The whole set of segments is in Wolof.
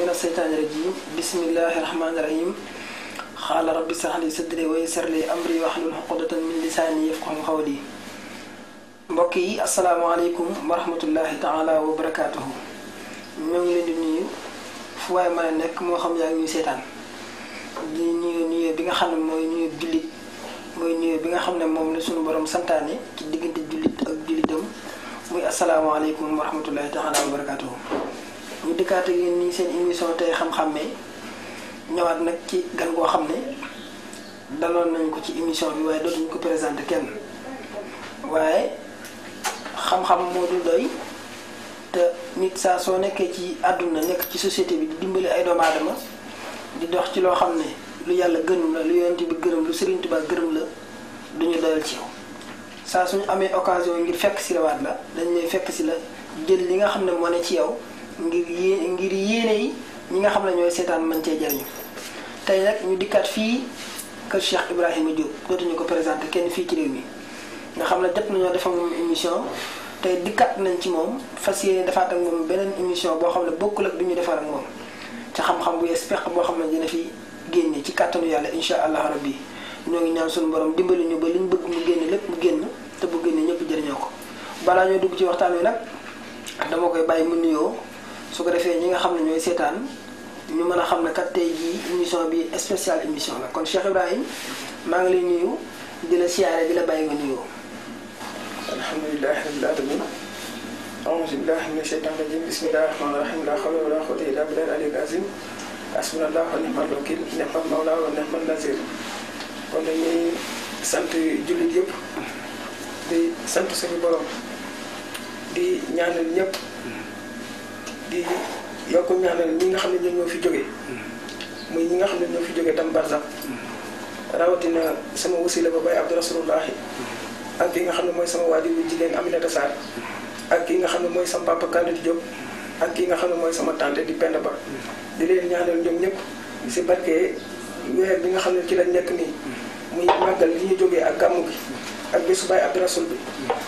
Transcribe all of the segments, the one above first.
min aseytaani rajim bismillahi rahmaani rahim xaala rabbi li sadri wa yassir li amri wahlul uqdatan min lisaani yafqahu qawli mbokk yi asalaamaaleykum wa rahmatullahi taala wa ngi leen di nuyu fu waaye mën a nekk moo xam yaa ngi ñuy seetaan bi nga xam ne mooy nuyu bi nga xam ne moom la suñu borom santaane ci diggante jullit ak jullitam muy asalaamaaleykum wa rahmatullahi taala wa ñu dikkaat ak yéen nii seen émission tey xam-xam bi ñëwaat nag ci gan goo xam ne daloon nañ ko ci émission bi waaye dootuñ ko présenté kenn waaye xam-xam moo dul doy te nit saa soo nekkee ci àdduna nekk ci société bi di dimbali ay doomaadama di dox ci loo xam ne lu yàlla gënu la lu yonent bi gërëm lu Sëriñ Tuubaa gërëm la duñu doyal ci yow saa suñu amee occasion ngir fekk si la waat la dañ lay fekk si la jël li nga xam ne moo ne ci yow ngir yé ngir yéene yi ñi nga xam ne ñooy seetaan mën cee jariñu tey nag ñu dikkaat fii kër Cheikh Ibrahima Diop dootuñu ko présenté kenn fii ci mi nga xam ne jot nañoo defal émission tey dikkaat nañ ci moom fas yéene defaat ak moom beneen émission boo xam ne bokkul ak bi ñu defar ak moom ca xam-xam bu yees pex boo ne dina fi génne ci kàttanu yàlla incha allah rabbi ñoo ngi ñaan suñu borom dimbali ñu ba liñ bëgg mu génn lépp mu génn te bu génne ñëpp jëriñoo ko balaa ñoo dugg ci waxtaan wi nag dama koy bàyyi mu nuyoo su ko defee ñi nga xam ne ñooy seetaan ñu mën a xam ne kat tey jii émission bi spécial émission la kon Cheikh Ibrahim maa ngi lay nuyu di la siyaare di la bàyyi nga nuyoo. alhamdulilah rabbil alamin أعوذ بالله من الشيطان الرجيم بسم الله kon dañuy sant jullit yëpp di sant suñu borom di ñaanal ñëpp di yokk ñaanal ñi nga xam ne ñoom ñoo fi jógee. muy ñi nga xam ne ñoom fi jógee tam barsax. rawatina sama wasila ba bay Abdou Rasulullahi ak ki nga xam ne mooy sama waajur bu jigéen Aminata Sarr. ak ki nga xam ne mooy sama papa Kandé Diop. ak ki nga xam ne mooy sama tante di Penda Ba. di leen ñaanal ñoom ñëpp si barke weer bi nga xam ne ci lañ nekk nii. muy màggal li ñu jógee ak gàmmu gi. ak bésu baay Abdu Rasul bi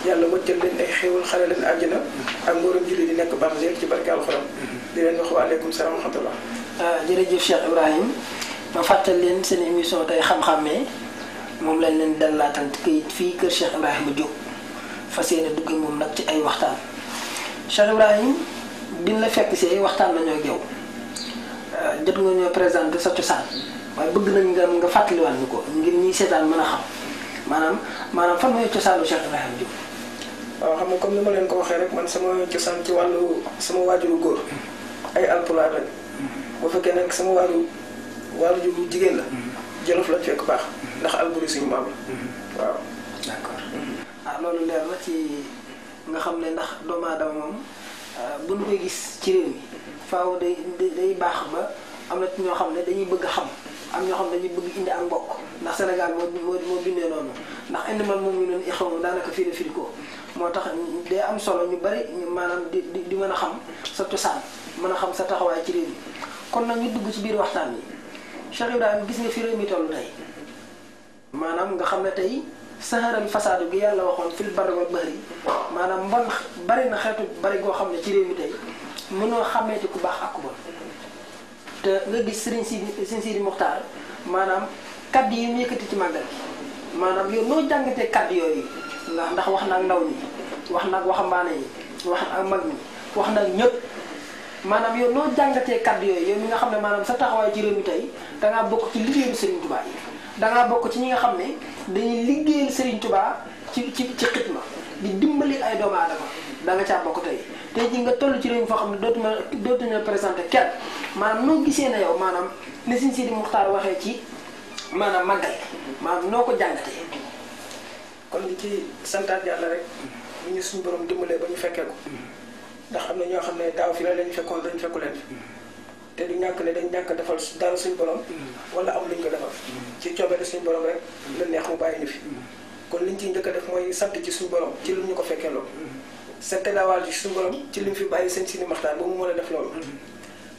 yàlla wëccal leen ay xéewal xale leen àjjana ak mbooram julli di nekk bargèr ci barke alxuraan di leen wax wa aleykum salaam wa rahmatullah ah, ma fàttal leen seen émission tey xam-xammee moom lañ leen dalaatal kayit fii kër Cheikh Ibrahima Diop fas yéene dugg moom nag ci ay waxtaan Cheikh Ibrahim biñ la fekk si ay waxtaan nañoo ak yow ah, jot nga ñoo présenté sa cosaan waaye bëgg nañ nga nga fàttaliwaat ñu ko ngir ñiy seetaan mën a xam maanaam maanaam fan mooy cosaanu Cheikh Ibrahima Diop. waaw xam nga comme ni ma leen ko waxee rek sama cosaan ci wàllu sama waajuru góor ay alpulaar lañ. Mm-hmm. fekkee nag sama wàllu waajuru jigéen la. Mm-hmm. jolof lañ fekk baax. Mm-hmm. ndax alburi suñu maam la. waaw d'accord. ah loolu leer na ci nga xam ne ndax doomu aadama moom ah, bu ñu koy gis ci réew faw faaw day day baax ba am na ci ñoo xam ne dañuy bëgg xam. am ñoo xam ne dañuy bëgg indi ak mbokk ndax Sénégal moo moo moo bindee noonu ndax indi man moom ñu doon xaw ma daanaka fii la firi ko moo tax day am solo ñu bëri maanaam di di mën a xam sa cosaan mën a xam sa taxawaay ci réew mi kon nag ñu dugg ci biir waxtaan yi Cheikh Ibrahima gis nga fi réew mi toll tey maanaam nga xam ne tey saharal fasaadu gi yàlla waxoon fil barri wal bahri maanaam mbon bari na xeetu bari goo xam ne ci réew mi tey mënoo xàmmeeti ku baax ak bon te nga gis Serigne Sidi Serigne Sidi Mokhtar maanaam kaddu yi mu yëkkati ci màggal gi maanaam yow noo jàngatee kaddu yooyu ndax wax na ak ndaw ñi wax na ak waxambaane yi wax na ak mag ñi wax na ak ñëpp maanaam yow noo jàngatee kaddu yooyu yow mi nga xam ne maanaam sa taxawaay ci réew mi tey da bokk ci liggéeyu Serigne Touba yi da ngaa bokk ci ñi nga xam ne dañuy liggéeyal Serigne Touba ci ci ci xitma di dimbali ay doomu aadama da nga caa bokk tey te ji nga toll ci réew foo xam ne dootuma dootuñu présenté kenn maanaam noo gisee na yow maanaam ni Sëriñ Sidi Muxtaar waxee ci maanaam màggal maanaam noo ko jàngatee. kon li ci santaat yàlla rek ñu suñu borom dimbalee ba ñu fekkee ko ndax xam na ñoo xam ne daaw fi la leen fekkoon dañu fekku leen fi te du ñàkk ne dañ ñàkk defal dara suñu borom wala am luñ ko defal ci coobare suñu borom rek la neex mu bàyyi ñu fi kon liñ ciy njëkk def mooy sant ci suñu borom ci lu ñu ko fekkee loolu setteelawaal ci suñu borom ci li mu fi bàyyi sëñ Sidi Maxtaar ba mu mën a def loolu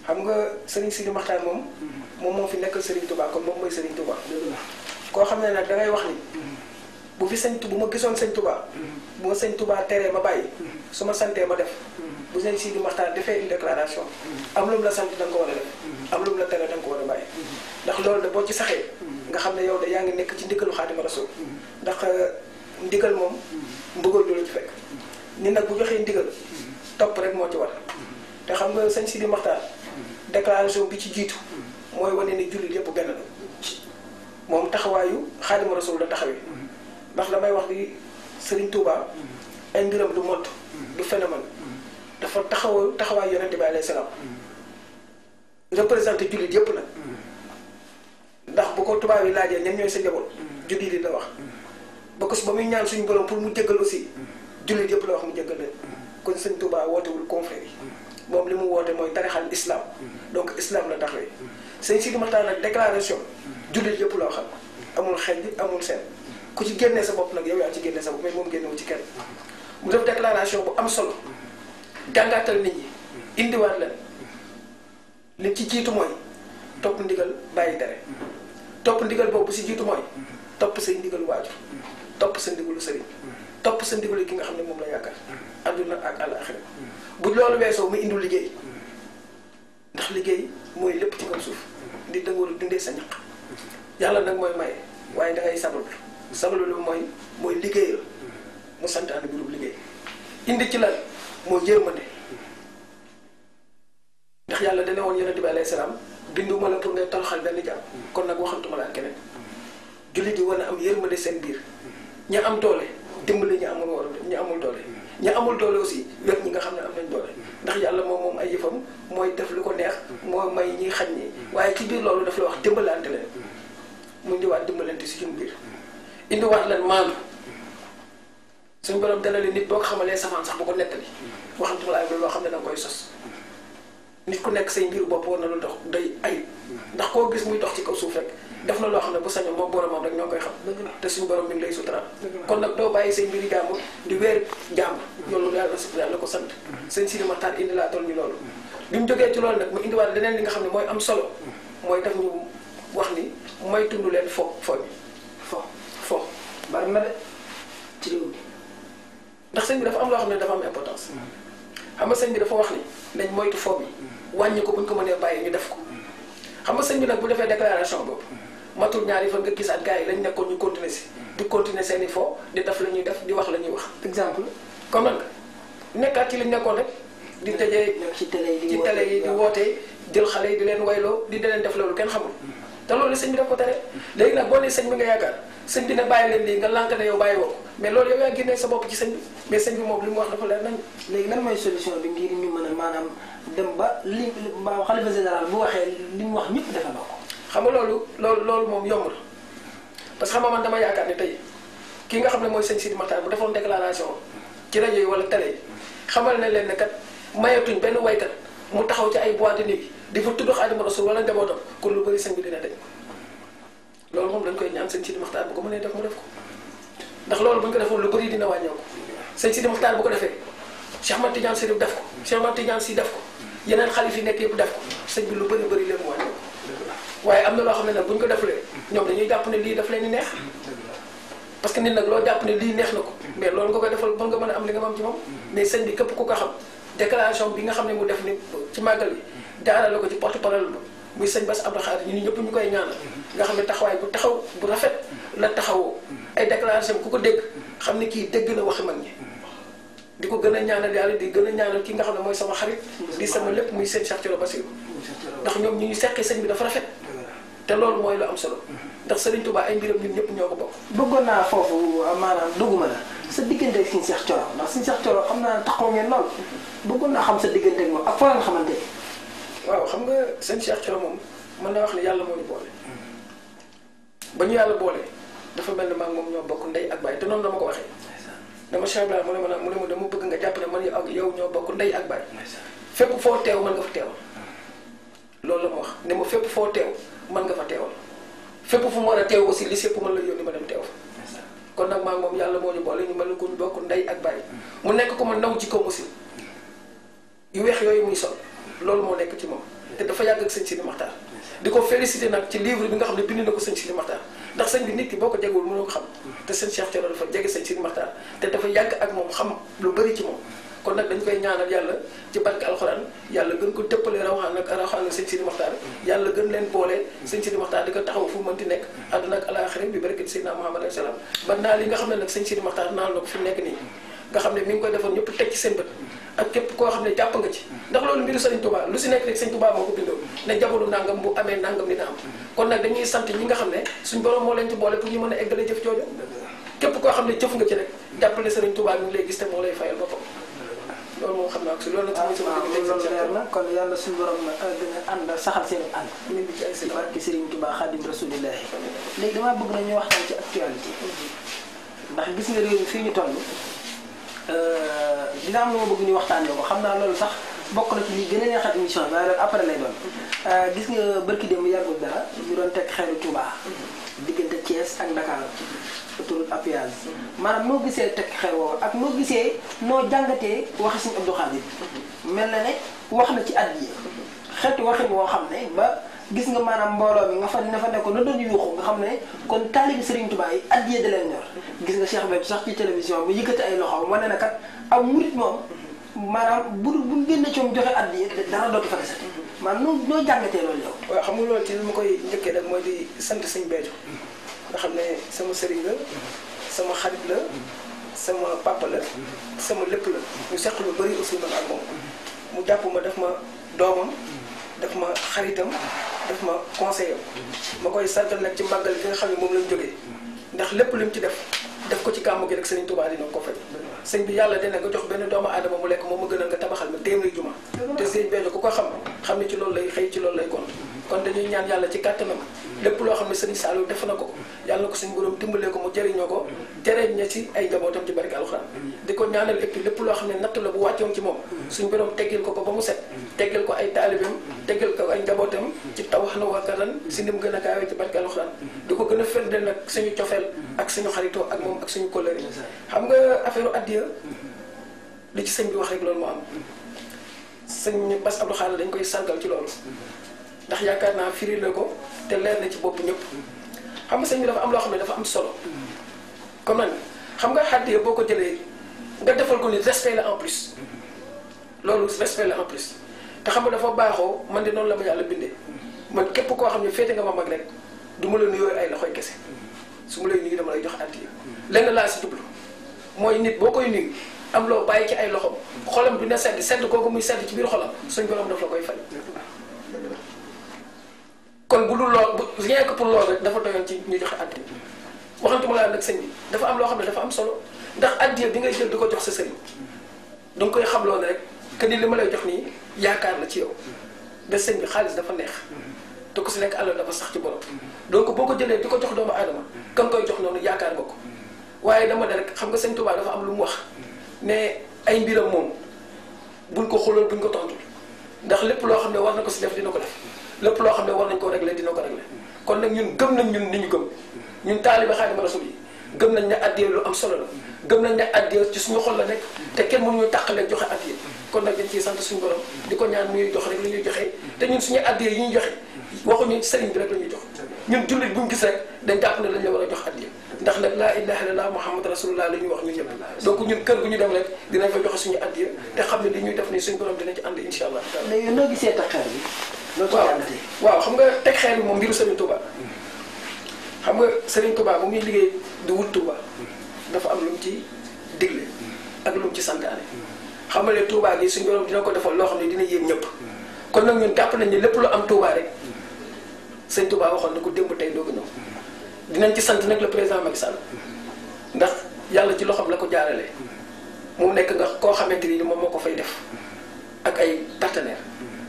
xam nga sëriñ Sidi Maxtaar moom moom moo fi nekkal sëriñ Touba kon moom mooy sëriñ Touba koo xam ne nag da wax ni bu fi sëñ bu ma gisoon sëñ Touba bu ma sëñ teree ma bàyyi su ma santee ma def bu sëñ Sidi Maxtaar defee une déclaration am loolu la sant da nga ko war a def am lu la tere da ko war a bàyyi ndax loolu da boo ci saxee nga xam ne yow de yaa ngi nekk ci ndigalu Xaadima Rasul ndax ndikal moom mbëggal loolu ci fekk ni nag bu joxee ndigal topp rek moo ci war te xam nga sëñ Sidi Maxtaar déclaration bi ci jiitu mooy wane ni jullit yëpp benn la moom taxawaayu Xaadimu Rasuul la taxawee ndax damay wax ni Sëriñ Tuubaa ay mbiram du mott du phénomène dafa taxaw taxawaay yonente bi alayhi salaam jullit yëpp nag ndax bu ko tubaab yi laajee ñan ñooy sa njaboot jullit yi la wax ba ko ba muy ñaan suñ borom pour mu jéggal aussi jullit yëpp loo xam mu jéggal leen kon sëñ Touba wootewul confrérie yi moom li mu woote mooy tarixal islam donc islam la taxawee sëñ Sidi Maxtaar nag déclaration jullit yëpp xam waxal amul xej bi amul seen ku ci génnee sa bopp nag yow yaa ci génnee sa bopp mais moom génnewu ci kenn mu def déclaration bu am solo jàngaatal nit ñi indiwaat leen li ci jiitu mooy topp ndigal bàyyi tere topp ndigal boobu si jiitu mooy topp say ndigal waajur topp sa top sa ndigal ki nga xamne mom la yakkar aduna hmm. ak àlaxira hmm. bu loolu weesoo mu indul liggey hmm. ndax liggey moy lepp ci kaw suuf di da nga war sa ñaq yalla nak moy may waye da ngay sabul sabul lu moy mooy liggéeyal mu santaane birub liggey indi ci lan mo yërmande ndax yalla dañ won yonente bi alayhi salam bindu ma la pour ngay tolxal ben jam kon nak waxantuma la kenen keneen jullit yi am yërmande sen bir ña am doole dimbali ñi amul war ñi amul doole ñi amul doole aussi wet ñi nga xam ne am nañ doole ndax yàlla moom moom ay yëfam mooy def lu ko neex moo may ñi xañ ñi waaye ci biir loolu daf la wax dimbalante leen mu ndiwaat dimbalante si suñu indi indiwaat leen maandu suñu borom dana la nit boo ko xamalee safaan sax bu ko nettali waxantuma laay loo xam ne da koy sos nit ku nekk say mbir bopp war na lu dox day ay ndax koo gis muy dox ci kaw suuf rek def na loo xam ne bu sañoon moom boromam rek ñoo koy xam te suñu borom mi ngi lay sutura kon nag doo bàyyi say mbiri jàmbur di weer jàmbur loolu yàlla su la ko sant sëñ Sidi taat indi laa toll ñu loolu bi mu jógee ci loolu nag mu indi indiwaat leneen li nga xam ne mooy am solo mm. mooy tax ñu wax ni mooy tund leen fo fo bi fo fo bari na de ci réew ndax sëñ bi dafa am loo xam ne dafa am importance mm. xam nga sëñ bi dafa wax ni nañ moytu fo bi mm. wàññi ko buñ ko mënee bàyyi ñu def ko xam nga sëñ bi nag bu defee déclaration boobu matul ñaari fan nga gisaat gars yi lañ nekkoon ñu continuer si di continuer seeni i di def la ñuy def di wax la ñuy wax exemple comme nan nekkaat ci lañ nekkoon rek di tëjee ci télé yi di wootee jël xale yi di leen wayloo di leen def loolu kenn xamul te loolu sëñ bi daf ko tere léegi nag boo nee sëñ bi nga yaakaar sëñ bi ne bàyyi leen lii nga lànk ne yow bàyyi woo mais loolu yow yaa génnee sa bopp ci sëñ bi mais sëñ bi moom li mu wax dafa leer nañ léegi mooy solution bi ngir ñu mën a maanaam dem ba li maanaam xalifa général bu waxee li mu wax ñëpp defe na ko xam nga loolu loolu loolu moom yombul parce que xam man dama yaakaar ne tey ki nga xam ne mooy sëñ Sidi Maxtaar bu defoon déclaration ci rajo yi wala télé yi xamal ne leen ne kat mayatuñ benn waykat mu taxaw ci ay boîte de nuit di fa tudd Xaadimu Rasuul wala njabootam kon lu bëri sëñ bi dina dañ loolu moom dañ koy ñaan sëñ Sidi Maxtaar bu ko mënee def mu def ko ndax loolu bu ñu ko defoon lu bëri dina wàññeeku sëñ Sidi Maxtaar bu ko defee Cheikh Ahmad Tidiane def ko Cheikh Ahmad Tidiane def ko yeneen xalif yi nekk yëpp def ko sëñ bi lu bëri bëri leen wàññeeku waaye am na loo xam ne nag bu ñu ko def defulee ñoom dañuy jàpp ne lii daf leen di neex parce que nit nag loo jàpp ne lii neex na ko mais loolu nga koy defal ba nga mën am li nga am ci moom mais sëñ bi képp ko ko xam déclaration bi nga xam ne mu def ni ci màggal yi jaarale ko ci porte parole ba muy sëñ Bass Abdou khadir ñun ñëpp ñu koy ñaanal nga xam taxaway bu taxaw bu rafet la taxaw ay déclaration ku ko dégg xam ki dégg na waxi mag ñi diko gëna ñaanal yalla di gëna ñaanal ki nga xam moy sama xarit di sama lepp muy sëñ Cheikh Thioro Bassirou ndax ñom ñu ñu seqee sëñ bi dafa rafet té lool moy lu am solo ndax Sëriñ touba ay mbiram ñun ñëpp ñoko ko bokk bëggoon naa foofu euh, maanaam la sa digënde ak sëñ Cheikh Thioro ndax sëñ Cheikh Thioro xamna taxaw ngeen lool bëggona xam sa digënde ak moom ak foo leen xamante waaw xam nga seen Cheikh Thioro moom mën naa wax ne yàlla moo ñu boole. Mm-hmm. ba ñu yàlla boole dafa mel ne maa moom ñoo bokk ndey ak baay te noonu dama ko waxee. dama Cheikh Ibrahima mu ne ma mu dama bëgg nga jàpp ne man ak yow ñoo bokk ndey ak baay. fépp foo teew mën nga fa teewal. Mm-hmm. loolu la ma wax ne ma fépp foo mën nga fa teewal fépp fu mu war a teew aussi li sépp mën la yónni ma dem teew fa. kon nag maa moom yàlla moo ñu boole ñu mel ni ku bokk ndey ak baay. Mm-hmm. mu nekk ko ma naw jikkoom aussi yu weex yooyu muy sol loolu moo nekk ci moom te dafa yàgg ak sëñ Sidi Maxtaar di ko félicité nag ci livre bi nga xam ne bind na ko sëñ Sidi ndax sëñ bi ki boo ko jegewul mënoo ko xam te sëñ Cheikh Thioro dafa jege sëñ Sidi ak moom xam lu bëri ci moom kon nag dañ koy ñaanal yàlla ci barke alxuraan yàlla gën ko dëppale rawaxaan ak rawaxaan ak sëñ Sidi Maxtaar yàlla gën leen boole sëñ Sidi Maxtaar di ko taxaw fu mënti nekk àdduna ak alaaxira bi barke Seydina Muhammad alayhi salaam ba naa li nga xam ne nag sëñ Sidi Maxtaar naan la ko fi mu nekk nii nga xam ne mi ngi koy defoon ñëpp teg ci seen bët ak képp koo xam ne jàpp nga ci ndax loolu mbiru Sëriñ Tuubaa lu si nekk rek Sëriñ Tuubaa moo ko bindoo ne jabalu nangam bu amee ñi nga xam ne suñ borom moo leen ci boole pour ñu mën a eggale jëf jooju koo xam ne jëf nga ci rek jàppale Sëriñ Tuubaa mi moo xam na kon yàlla suñu borom euh, dina ànd saxal seen ànd indi ci ay si barke Sëriñ Tuubaa Xaadim bëgg na waxtaan ci actualité ndax gis nga réew mi fii ñu toll Euh, dina am lu ma bëgg ñu waxtaanee ko xam naa loolu sax bokk na ci li gën a neexal émission bi waaye loolu lay doon. Euh, gis nga barki démb yàggul dara ñu doon teg xeeru Touba. diggante Thiès ak Dakar. autoroute à péage maanaam noo gisee teg xeer woowu ak noo gisee noo jàngatee waxi suñu Abdou Khadir mel na ne wax na ci at yi xeetu waxin woo xam ne ba. gis nga maanaam mbooloo mi nga fa ne fa nekkoon na doon yuuxu nga xam ne kon taalibi Serigne Touba yi addiya da leen ñor gis nga Cheikh Béthio sax ci télévision mu yëkkati ay loxo na kat aw murit moom maanaam bu bu génne coom dara dootu fa desati maanaam noo noo jàngatee loolu yow. waaw xam nga loolu ci li ma koy njëkkee nag mooy di sant Serigne Béthio nga xam ne sama sëriñ la xarit la sama papa sama lépp la ñu seq lu bëri aussi ak moom mu jàpp ma def ma doomam def ma xaritam daf ma conseillé ma koy santal nag ci màggal gi nga xam ne moom lañ jógee ndax lépp lu mu ci def def ko ci gàmmu gi rek Serigne Touba dina ko fay sëñ bi yàlla dina nga jox benn doomu aadama mu lekk moom ma gënal nga tabaxal ma téeméeri juma te sëñ Béthio ku ko xam xam ne ci loolu lay loo xam ne sëriñ Saliou def na ko yàlla ko suñu borom ko mu jëriñoo ko jëriñ ña ci ay njabootam ci barke alxuraan di ko ñaanal et lépp loo xam ne natt la bu wàccoon ci moom suñu borom teggil ko ko ba mu set teggil ko ay taalibeem teggil ko ay njabootam ci taw wax na wakkaran si ndim gën a gaawee ci barke alxuraan di ko gën a firndeel nag suñu cofeel ak suñu xaritoo ak moom ak suñu kóllëre xam nga affaire addi adiya li ci sëñ bi wax rek loolu moo am sëñ Bass Abdou Khadre dañ koy sargal ci loolu ndax yaakaar naa firi la ko te leer na ci bopp ñëpp xam nga sëñ bi am loo xam ne dafa am solo comme nan xam nga boo ko jëlee nga defal ko ni respect la en plus loolu respect la en plus te xam nga dafa baaxoo man de noonu la ma yàlla bindee man képp koo xam ne féete nga ma mag rek duma ma la nuyoo ay loxoy kese su ma lay nuyu dama lay jox adiya lenn laa si jublu moy nit bokoy nit am lo baye ci ay loxom xolam du na sedd sedd koku muy sedd ci biir xolam suñu borom daf la koy fay. kon bu dul lool rien que pour loolu rek dafa doyon ci ñu joxe addiya waxantuma la nak sëñ bi dafa am lo xamne dafa am solo ndax addu bi ngay jël di jox sa señ da koy xam loolu rek que ni li lay jox ni yaakaar la ci yow da sëñ bi xaalis dafa neex te ku si nekk alal dafa sax ci borom donc boo ko jëlee di ko jox doomu aadama kam koy jox noonu yaakaar nga ko. waaye dama ne rek xam nga sëñ Tuubaa dafa am lu mu wax ne ay mbiram moom buñ ko xoolal buñ ko tontu ndax lépp loo xam ne war na ko si def dina ko def lépp loo xam ne war nañ koo réglé dina ko réglé kon nag ñun gëm nañ ñun ni ñu gëm ñun taalibe Xaadimu Rasuul yi gëm nañ ne addiyee lu am solo la gëm nañ ne addiyee ci suñu xol la nekk te kenn mënuñu la joxe addiyee kon nag dañ ciy sant suñu borom di ko ñaan muy jox rek li ñuy joxe te ñu suñu addiyee yi ñuy joxe waxuñu sëriñ bi rek la ñuy jox ñun jullit buñ gis rek dañ jàpp ne lañ la war a jox ndax nag laa ilaha illallah muhammad rasulullah la ñuy wax ñun ñëpp donc ñun kër gu ñu dem rek dinañ fa joxe suñu addiya te xam ne li ñuy def nii suñu borom dinañ ci ànd insha allah léegi noo gisee teg xeer bi loo ci waaw xam nga teg xeer bi moom mbiru Serigne Touba xam nga Serigne Touba bu muy liggéey di wut Touba am lu mu ci digle ak ci santaane xam nga ne Touba gi suñu borom dina ko defal loo xam ne dina yéem ñëpp kon nag ñun jàpp nañ ne lépp lu am tuubaa rek Serigne Touba waxoon na ko démb tey doogu ñëw dinañ ci sant nag le président Macky Sall ndax yàlla ci loxoom la ko jaarale mu nekk nga koo xamante ni moom moo ko fay def ak ay partenaires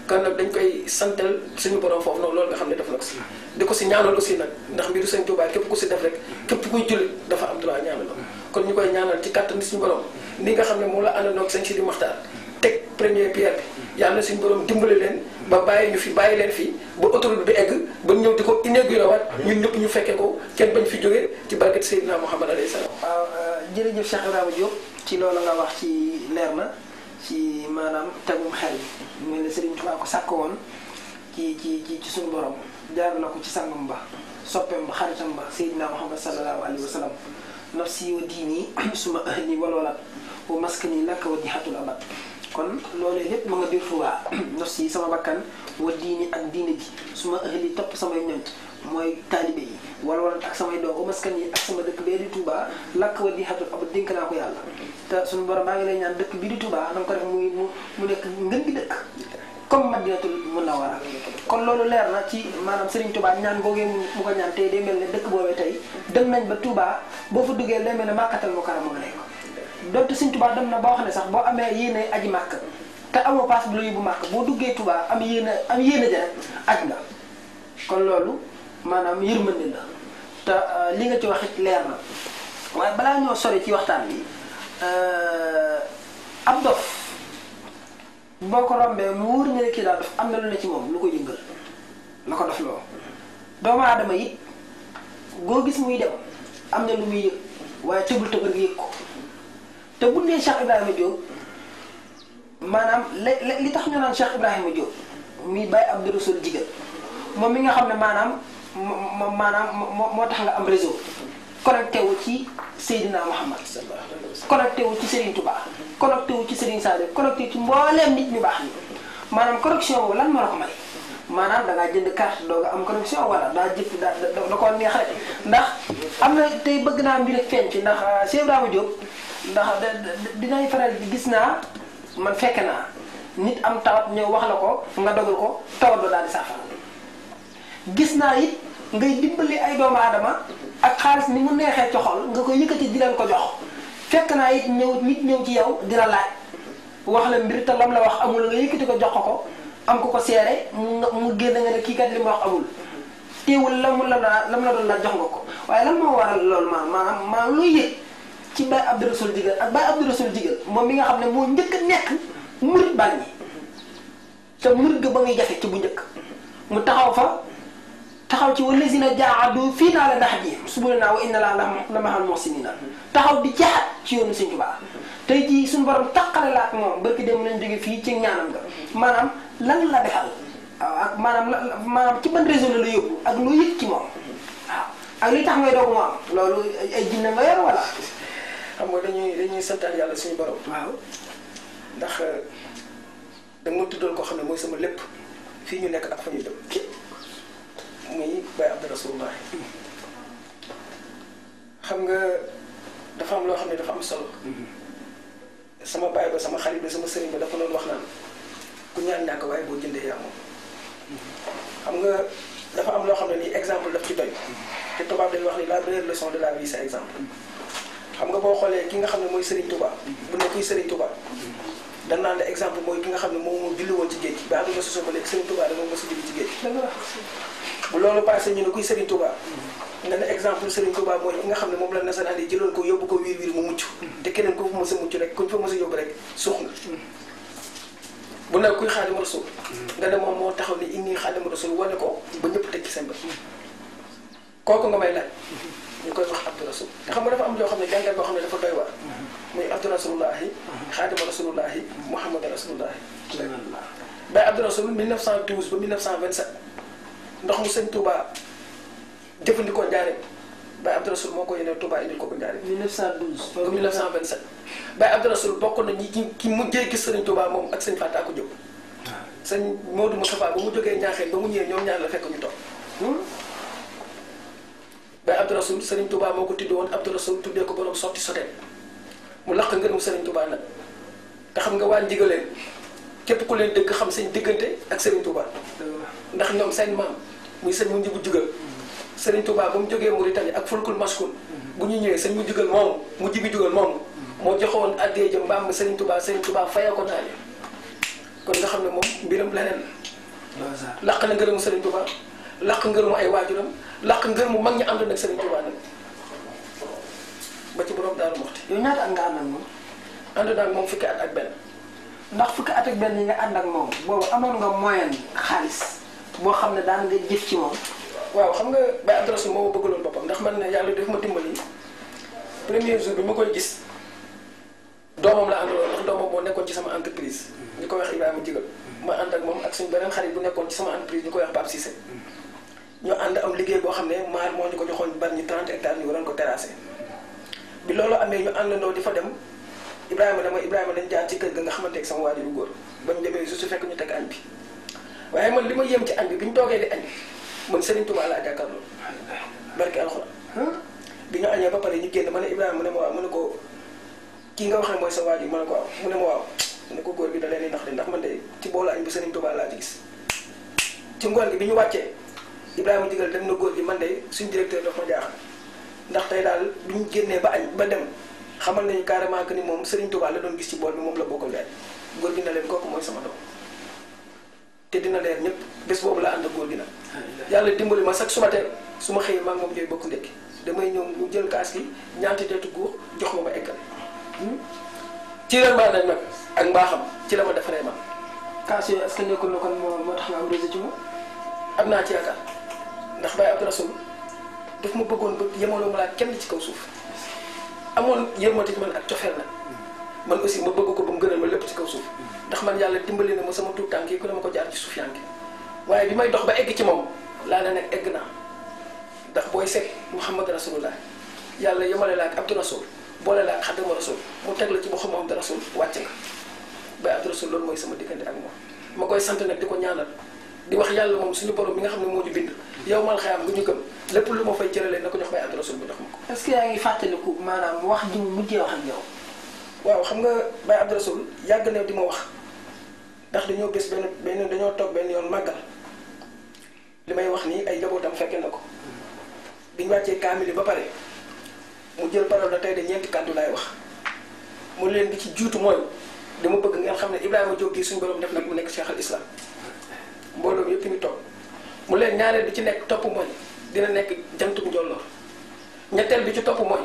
kon nag dañ koy santal suñu borom foofu noonu loolu nga xam ne def na ko si di ko si ñaanal aussi nag ndax mbiru Sëñ Tuubaa képp ku si def rek képp kuy jullit dafa am droit ñaanal kon ñu koy ñaanal ci kàttan suñu borom ni nga xam ne moom la àndandoo ak Sëñ Sidi Maxtaar tek premier pierre bi yalla suñu borom dimbali len ba baye ñu fi baye len fi bu autoroute bi egg ba ñëw diko inaugurer wat ñun ñep ñu fekkee ko kenn bañ fi jógee ci barkat Seydina Mouhamad alayhi salaam waaw euh, jërëjëf Cheikh Ibrahima Diop ci loolu nga wax ci lerna ci manam tagum xel ñu mel Serigne Touba ko sàkk woon ci ci ci suñu borom jaar na ko ci sangam ba soppem ba xaritam ba Seydina muhammad sallallahu alayhi Wasallam, nafsi wa dini suma ahli waloolat wa maskani lak wa jihatul abad kon loolu lépp ma nga biir fuwaa nafs yi sama bakkan wa diini ak diine ji suma ma ëhli topp samay ñont mooy taalibe yi wala wala ak samay doom ba maskan yi ak sama dëkk bee di Touba lakk wa di xatul ab dénk naa ko yàlla te suñu borom maa ngi lay ñaan dëkk bi di Touba na ko def muy mu mu nekk ngën bi dëkk comme madinatul munawara kon loolu leer na ci maanaam Serigne Touba ñaan googee mu ko ñaan tey day mel ne dëkk boobee tey dem nañ ba Touba boo fa duggee day mel ne màkkatal mu karam nga nekk donte Sëñ Tuubaa dem na boo xam ne sax boo amee yéene aji màkk te amoo paas bu la yóbbu màkk boo duggee Tuubaa am yéene am yéene ja rek aj nga kon loolu maanaam yërmande la te euh, li nga ci wax leer na waaye balaa ñoo sori ci waxtaan bi euh, am dof boo ko rombee mu wóor ne kii daal dof am na lu ne ci moom lu ko yëngal la ko dof loo doomu aadama it goo gis muy dem am na lu muy yëg waaye tëbul tëbër yëg ko te bu nee Cheikh Ibrahima Diop maanaam la li tax ñu naan Cheikh Ibrahima Diop muy Baye Abdou Rassoul Jigal moom mi nga xam ne maanaam maanaam moo tax nga am réseau connecté wu ci Seydina Mouhamad connecté wu ci Serigne tubaa connecté wu ci Serigne Sadio connecté ci mbooleem nit ñu baax ñi maanaam connexion boobu lan moo la ko may maanaam da ngaa jënd carte doo nga am connexion wala daa jëf da da ko neex rek ndax am na tey bëgg naa mbir ak feeñ ci ndax Cheikh Ibrahima Diop ndax dinay faral di gis naa man fekk naa nit am tawat ñëw wax la ko nga dogal ko tawat ba daal di gis naa it ngay dimbali ay doomu aadama ak xaalis ni mu neexee ci xol nga koy yëkkati di leen ko jox fekk naa it ñëw nit ñëw ci yow dina laaj wax la mbir te lam la wax amul nga yëkkati ko jox ko ko am ko ko seere mu mu génn nga ne kii kat li mu wax amul teewul lam la la lam la doon la jox nga ko waaye la moo waral loolu maanaam maanaam looy yëg ci Baye Abdou sol Digal ak Baye Abdou Rassoul Digal moom mi nga xam ne moo njëkk a nekk murit bàññi te murit ga ba muy jafe ci bu njëkk mu taxaw fa taxaw ci walazina jaahadu fii naa la nahdihim subulanaa wa inna laaha lama'al muhsiniin taxaw di jaxat ci yoonu Sëñ Tuubaa tey jii suñu borom taqale la ak moom barki dem nañ jóge fii ci ñaanam nga maanaam lan la defal ak maanaam maanaam ci ban réseau la yóbbu ak loo yëg ci moom waaw ak li tax ngay doog moo am ay jinne wala xam nga dañuy dañuy santaan yàlla suñu borom. waaw ndax euh, da koo xam ne mooy sama lépp fii ñu nekk ak fa ñu dem muy Baye Abdou Rasulullah xam nga dafa am loo xam ne dafa solo. Mhm. sama baay sama xarit ba sama sëriñ ba dafa doon wax naan ku ñaan ñàkk waaye boo jëndee yaa mhm. xam nga dafa am loo xam ne nii exemple daf ci doy mhm. te tubaab dañuy wax ni la meilleure leçon de la vie c'est exemple. xam nga boo xoolee ki nga xam ne mooy Serigne Touba. bu ne kuy Serigne Touba. dañ exemple mooy ki nga xam ne moom moo julli woon ci géej gi ba àdduna sosoo ba léegi Serigne Touba da moom moo si julli nga ne exemple Serigne Touba mooy nga xam ne moom la nasaraan yi jëloon ko yóbbu ko wiir wiir mu mucc. te keneen ku fa mos mucc rek kuñ fa mos a yóbbu rek suux nga. bu ne kuy nga ne moom moo taxaw ni inni Xaadimu Rasul wane ko ba ñëpp teg ci seen bët. kooku nga may laaj. ñu koy wax abdu rasul xam nga dafa am yoo xam ne jàngal boo xam ne dafa doy waar muy abdu rasulullahi xaadima rasulullahi muhammad rasulullahi bay abdu rasul 1912 ba 1927 ndox mu sëñ Touba jëfandikoo njaareem bay abdu rasul moo ko yenee Touba indil ko ba njaareem 1912 ba 1927 bay abdu rasul bokk na ñi ki ki mujjee gis sëriñ Touba moom ak sëñ Fàtta ko jóg ah. sëñ Modou Moustapha ba mu jógee Njaaxeen ba mu ñëwee ñoom ñaar la fekk ñu toog bay Abdou Rassoul Serigne Touba moo ko tuddee woon Abdou Rassoul tuddee ko borom sotti soteen mu laq ngënum Serigne Touba nag te xam nga waa Ndigaleen képp ku leen xam seen diggante ak Serigne ndax ñoom seen maam muy sëñ mu njibu jugal. Serigne Touba ba mu jógee Mauritanie ak fulkul maskul bu ñu ñëwee sëñ mu jugal moomu mu jibi jugal moomu. moo joxoon addee jëm mbaam Serigne Touba Serigne Touba fayee ko naaje kon nga xam ne moom mbiram leneen la. laq na ngërëmu Serigne Touba laq ngërëmu ay waajuram. lak ngeur mu mag ñi àndoon ak Serigne Touba nak ba ci borom Daaru Muxti yow ñaata at nga ànd ak moom and naa ak moom fukki at ak ben ndax fukki at ak ben yi nga and ak moom boobu amon nga moyen xaalis bo xamne daan nga jëf ci moom waaw xam nga bay adresse moo bëggaloon bopam ndax man ne yalla def ma dimbali premier jour bi ma koy gis domam la andal ndax doomam moo nekkoon ci sama entreprise ni ko wax Ibrahima Jigal ma and ak mom ak suñu benen xarit bu nekkon ci sama entreprise ni ko wax Pape Cissé ñu ànd am liggéey boo xam ne maar moo ñu ko joxoon bari ñu 30 hectares ñu waroon ko terrasser bi loolu amee ñu àndandoo di fa dem Ibrahima dama Ibrahima dañ jaar ci kër ga nga xamante ak sama waajur bu góor ba ñu demee fekk ñu teg añ bi waaye man li ma yéem ci añ bi bi ñu toogee di añ man Serigne Touba laa jàkkaarloo barke alxuraan bi ñu añee ba pare ñu génn ma ne Ibrahima mu ne ma waaw mu ne ko kii nga wax ne mooy sa waajur ma ne ko waaw mu ne ma waaw mu ko góor bi da leen di ndax de ndax man de ci boolu añ bi Serigne Touba laa ci gis ci ngoon gi bi ñu wàccee ibrahima digal dem na góor gi man de suñ directeur dafa ma ndax tey daal bi ñu génnee ba añ ba dem xamal nañu carrément que ni moom Serigne Touba la doon gis ci bool bi moom la bokkal jaay góor gi na leen kooku mooy sama doom te dina leer ñëpp bés boobu la ànd ak góor gi nag yàlla dimbali ma chaque suba teel su ma xëyee maag moom ñooy bokk ndekki damay ñëw mu jël kaas gi ñaanti teetu góor jox ma ma eggal hmm? ci ren maa nag ak mbaaxam ci la ma defaree ma kaas yooyu est ce que nekkul na kon moo moo tax nga am réseau ci moom am naa ci yaakaar ndax Baye Abdou Rasoul daf ma bëggoon ba yemaloo ma laa kenn ci kaw suuf amoon yërmande ci man ak cofeel na man aussi ko ba mu gënal ma lépp ci kaw suuf ndax man yàlla dimbali na ma sama tànk yi ku ko jaar ci suuf waaye bi may dox ba egg ci moom laa ne nag egg naa ndax booy seet Muhammad Rasulullah yàlla yemale la ak Abdou Rasoul boole laa ak Xaadimu Rasul mu teg la ci ba xamam Rasul wàcc nga Baye Abdou Rasoul loolu mooy sama diggante ak moom ma koy sant nag di ko ñaanal di wax yàlla moom suñu borom bi nga xam ne moo ñu bind yow mal xayaam bu ñu gëm lépp lu ma fay cëralee na ko jox may ànd rasul bi jox ma ko. est ce que yaa ngi fàttaliku maanaam wax ji mu mujjee wax ak yow. waaw xam nga bay Abdou Rasoul yàgg ne di ma wax ndax dañoo gis benn benn dañoo toog benn yoon màggal li may wax nii ay jabootam fekke na ko bi biñ wàccee kaamil ba pare mu jël parole da tey de ñeenti kàddu laay wax mu leen bi ci juutu mooy dama bëgg ngeen xam ne Ibrahima Diop gii suñu borom def nag mu nekk Cheikh al Islam. mbooloo mi yëpp topp mu leen ñaareel bi ci nekk topp mooy dina nekk jantug njolloor ñetteel bi ci topp mooy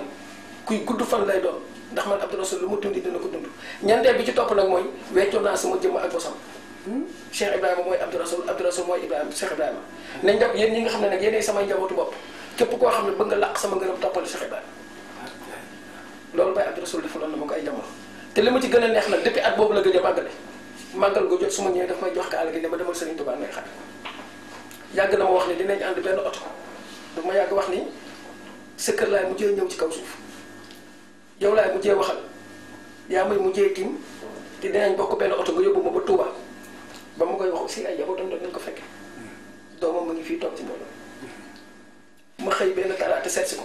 kuy gudd fan lay doon ndax man Abdou Rassoul lu mu dundi dina ko dund ñenteel bi ci topp nag mooy weccoo naa sama jëmm ak bosam hmm? Cheikh Ibrahima mooy Abdou Rassoul Abdou Rassoul mooy Ibrahima Cheikh Ibrahima nañ jàpp yéen ñi nga xam ne nag yéenay samay njabootu bopp képp koo xam ne bëgg nga làq sama ngërëm toppal Cheikh Ibrahima loolu Baye Abdou Rassoul defaloon na ma ko ay jamono li ma ci gën neex nag depuis at boobu la a màggale màggal gu jot su ma ñëwee may jox ka àll gi ne ma demal Serigne Touba nay xaar yàgg na ma wax ni dinañ ànd benn oto daf ma yàgg wax ni sa kër laay mujjee ñëw ci kaw suuf yow laay mujjee waxal yaa mu mujjee tiim te dinañ bokk benn oto nga yóbbu ma ba Touba ba ma koy wax si ay yaboo tam doon nañ ko fekke doomam mu ngi fii toog ci mbooloo ma xëy benn talaata seet si ko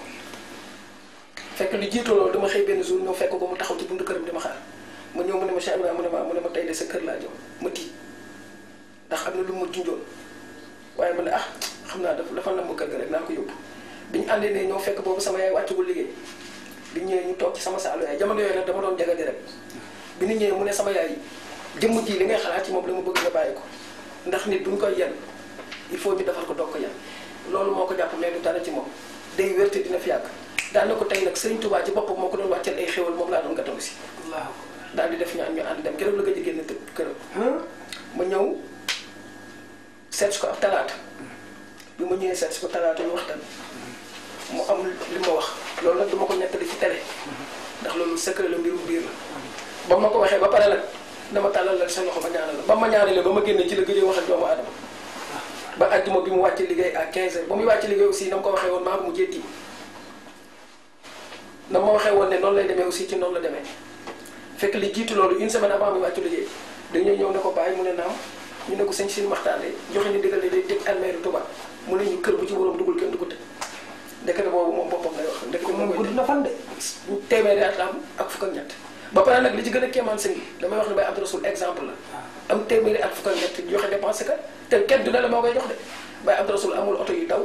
fekk lu jiitu loolu dama xëy benn jour ñëw fekk ko mu taxaw ci buntu këram dama xaar. ma ñëw ma Cheikh ne ma mu ne ma tey de sa kër laa ñëw ma tiit ndax am na lu ma junjoon waaye ma ne ah xam naa dafa dafa nam ma kër ga rek naa ko yóbbu bi ñu fekk boobu sama yaay wàccagul liggéey bi ñu ñëwee ñu toog ci sama saalu yaay jamono yooyu nag dama doon jagadi rek bi ñu ñëwee mu ne sama yaay jëmm ji li ngay xalaat ci moom la ma bëgg nga bàyyi ko ndax nit duñ koy yenn il faut ñu defal ko doog ko yenn loolu moo ko jàpp mais du dara ci moom day wérte dina fi yàgg daan na ko tey nag Sëriñ Tuubaa ci boppam ko doon wàcceel ay xéwal moom laa doon gàttal si daal di def ñaan ñu ànd dem keroog la gëj a génn tëb keroog. ma ñëw seet si ko ab talaata bi ma ñëwee seet si ko talaata ñu waxtaan mu am li ma wax loolu nag duma ko nettali ci télé ndax loolu secret la mbirum biir la ba ma ko waxee ba pare nag dama tàllal la sa loxo ma ñaanal la ba ma ñaanalee ba ma génnee ci la gëj wax ak doomu aadama ba àjjuma bi mu wàccee liggéey à 15 heures ba muy wàcc liggéey aussi na ma ko waxee woon maa mu jétti na ma waxee woon ne noonu lay demee aussi ci la demee. fekk li jiitu loolu une semaine avant muy wàccu dañoo ñëw ne ko bàyyi mu ne naam ñu ne ko sëñ Sine Maxtaande joxe ni digal ne day tëj almeeru mu ne ñu kër bu ci waroom dugul kenn du ko tëj ndekete boobu moom boppam lay wax ndekete moom gudd na fan de téeméeri at am ak fukk ak ñett ba pare nag li ci gën a kéemaan sëñ bi damay wax ne Baye Abdou Rasoul exemple la ah. am téeméeri at fukk ak ñett joxe dépense ka te kenn du ne la moo koy jox de Baye Abdou Rasoul amul oto yu daw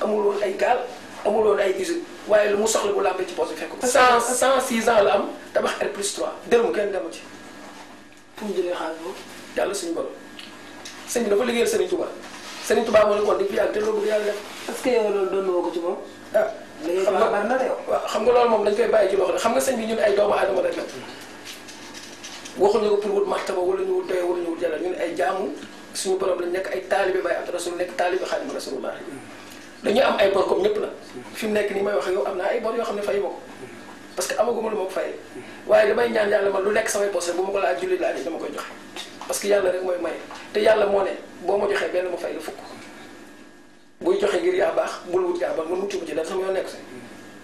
amul woon ay gaal amuloon ay usine waaye lu mu soxla bu làmbee ci poche bi fekk ko. cent cent six ans la am tabax R plus 3 dërëm kenn demu ci pour mu jëlee xaalis boobu yàlla suñu borom sëñ bi dafa liggéeyal moo ne kon yàlla te loolu yàlla def. est que yow moom. Ah, xam nga bari na de yow. waaw moom dañ koy bàyyi ci xam nga sëñ bi ñun ay doomu aadama rek la ko pour wut martaba wala ñu wut doye wala ñu wut jàll ñun ay jaamu suñu borom lañ nekk ay taalibe Baay Abdu Rasul nekk taalibe Xaadimu Rasulullah dañu am ay bor comme ñëpp la fi mu nekk nii may wax yow am na ay bor yoo xam ne fay ma ko parce que amaguma lu ma ko fay waaye damay ñaan yàlla man lu nekk samay posé bu ma ko laaj julli laaj dama koy joxe parce que yàlla rek mooy maye te yàlla moo ne boo ma joxee benn ma fay la fukk buy joxe ngir yaa baax bul wut yaa baax man mucc mu ci dara sama yoon nekk si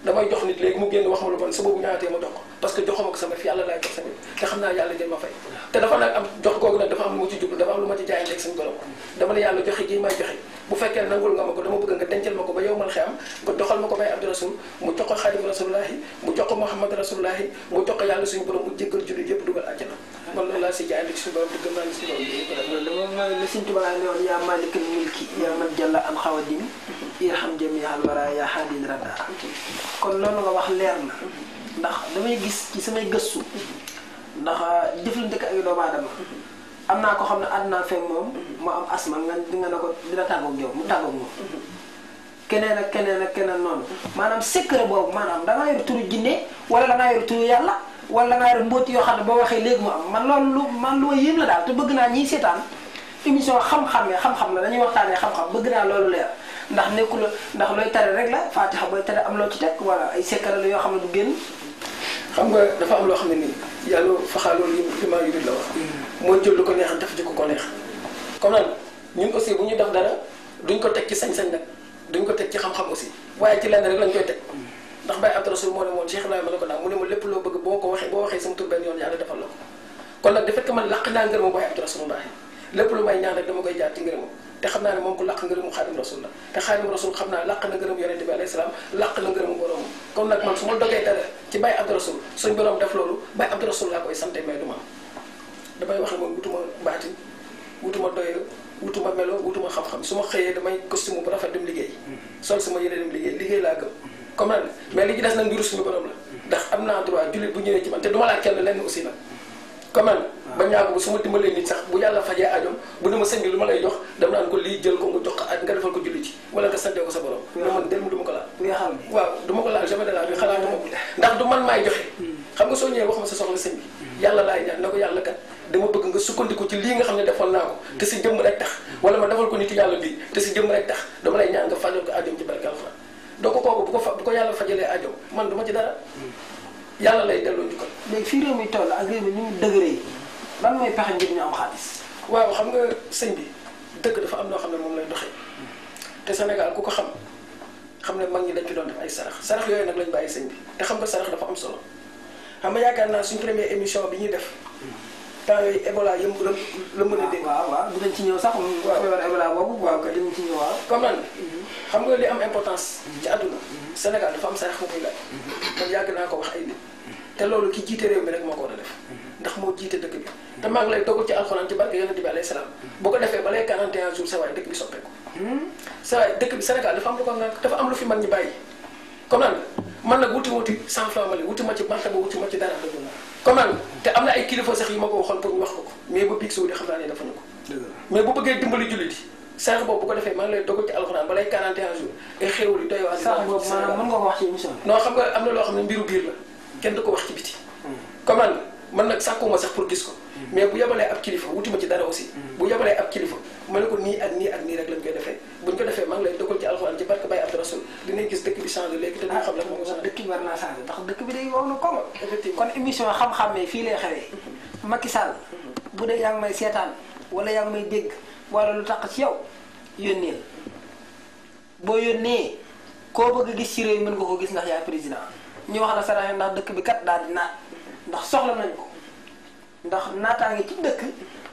damay jox nit léegi mu génn wax ma lu bon sa boobu ñaatee ma jox ko parce que joxuma ko sama fi yàlla laay jox sama te xam naa yàlla ma fay te joxe gi may joxe bu fekkee nangul nga ma ko dama bëgg nga dencal ma ko ba yow mal xeyam nga doxal ma ko bay abdu rasul mu jox ko xadim rasulullahi mu jox ko muhammad rasulullahi mu jox ko yàlla suñu borom mu jéggal jullit yëpp dugal àjjana man loolu laa si jaay léegi suñu borom te naa ne suñu borom dama la suñu tubaab ne woon yaa maalikal mulki yaa man jalla am xawadin irham jamial wara yaa xaalil rada kon loolu nga wax leer na ndax damay gis ci samay gëstu ndax jëflante ak ay doomu aadama am naa ko xam ne ànd naa fekk moom mu am asma nga nga ne ko dina tàggoog yow mu tàggoog moom keneen ak keneen ak noonu maanaam secret boobu maanaam dangaa yor turu jinne wala dangaa yor turu yàlla wala dangaa yor yoo xam ne boo waxee léegi mu am man loolu lu man lu ma yéem la daal te bëgg naa ñii seetaan émission xam-xam yi xam-xam la dañuy waxtaanee xam-xam bëgg naa loolu leer ndax nekkul ndax looy tari rek la xam booy tari am loo ci teg waa ay sekkara la yoo xam ne du génn. xam nga dafa am loo xam ne nii yàlla faxaaloo li ma yubit la wax. mooy jël ko neexal def ci ku ko neex. comme naan ñun aussi bu ñu def dara duñ ko teg ci sañ-sañ nag duñ ko teg ci xam-xam aussi waaye ci lenn rek lañ koy teg. ndax Baye Abdou Rassoul moo ne moom Cheikh Ibrahima la ko daan mu ne ma lépp loo bëgg boo ko waxee boo waxee sama tur benn yoon yàlla defal la ko kon nag dafet que man làq naa ngërëm Baye Abdou Rassoul Mbaye lépp lu may ñaan rek dama koy jaar ci ngërëmam te xam naa ne moom ku làq ngërëmu xaadim rasul la te xaadim rasul xam naa làq na ngërëm yonente bi alayhi salaam làq na ngërëmu borom kon nag man su ma loolu Baye Abdou Rasul laa koy sante mais du ma damay wax ne moom wutuma baati wutuma doyo xam su ma xëyee damay costume bu rafet liggéey sol sama yére dem liggéey liggéey laa gëm comme li ci des nag mbiru suñu borom la ndax am naa droit jullit bu ñëwee ci man te duma laaj kenn lenn aussi nag quand même ba ñaan bu su ma dimbalee nit sax bu yàlla fajee ajoom bu ne ma sëñ bi lu ma lay jox dama naan ko lii jël ko nga jox ko nga nga santee ko sa borom ne man dërëm du ma ko laal waaw du ma ko laal jamais de la vie hmm. xam nga soo ñëwee wax ma sa soxla sëñ bi hmm. yàlla laay ñaan ne ko yàlla kat dama bëgg nga sukkandiku ci lii nga xam ne defoon naa ko hmm. te si jëmm rek tax wala ma defal ko nit yàlla bi te si jëmm rek tax dama lay ñaan nga fajal ko ajoom ci barke alxuraan ko kooku bu ko fa bu ko yàlla fajalee ajoom man ma ci yàlla lay delloo ñu ko. léegi fii réew mi toll ak réew mi ni mu dëgëree lan mooy pexe ngir ñu am xaalis. waaw xam nga sëñ bi dëkk dafa am loo xam ne moom lay doxee te Sénégal ku ko xam xam ne mag ñi dañ ci doon def ay sarax sarax yooyu nag lañ bàyyi sëñ bi te xam nga sarax dafa am solo xam nga yaakaar naa suñ première émission bi ñuy def. temps yooyu Ebola yëpp la la mën a dégg. waaw waaw dinañ ci ñëw sax. waaw feebar Ebola boobu. waaw kay dinañ ci ñëw waaw. comme nan mhm. xam nga li am importance. ci àdduna. Mhm. Sénégal dafa am sarax bu muy laaj. Mhm. yàgg naa ko wax ay nit. te loolu ki jiite rek moo ndax moo jiite dëkk bi. te maa ngi lay dogal ci alxuraan ci barke yonent bi alayhi salaam. boo ko defee balay 41 jours sa waay dëkk bi soppeeku. sa dëkk bi Sénégal dafa am lu ko ngànk dafa am lu fi mag ñi bàyyi. comme nan man nag wuti wuti sans flamme wuti ma ci banque ba wuti ma ci dara dëgg comprendre te am na ay kilifa sax yi ma ko waxoon pour wax ko ko mais ba biig sow di xam naa ne dafa ñu ko mais bu bëggee dimbali jullit sarax boobu bu ko defee maa ngi lay alxuraan balay 41 jours ay xéewal yu doy waa sarax wax ci émission xam nga am na loo xam ne mbiru biir la kenn du ko wax ci biti hmm. comprendre man nag sàkkuma sax pour gis ko mais bu yebalee ab kilifa wutuma ci dara aussi mm. bu yebalee ab kilifa ma ne ko nii at nii ak nii rek lañ koy defee buñ ko defee maa ngi lay dogal ci alxuraan ci barke Baye Abdou Rasoul dinañ gis dëkk bi changé léegi te duñ ah, xam la moo changé dëkk bi war naa changé ndax dëkk bi day wow na kooma effectivement kon émission xam-xam ne fii lay xewee mm-hmm. Macky mm-hmm. bu dee yaa ngi may seetaan wala yaa ngi may dégg wala lu tax ci yow yónneel boo yónnee koo bëgg gis ci réew mën nga ko gis ndax yaay président ñu wax la saraxe ndax dëkk bi kat daal di ndax soxla nañ ko ndax naataange ci dëkk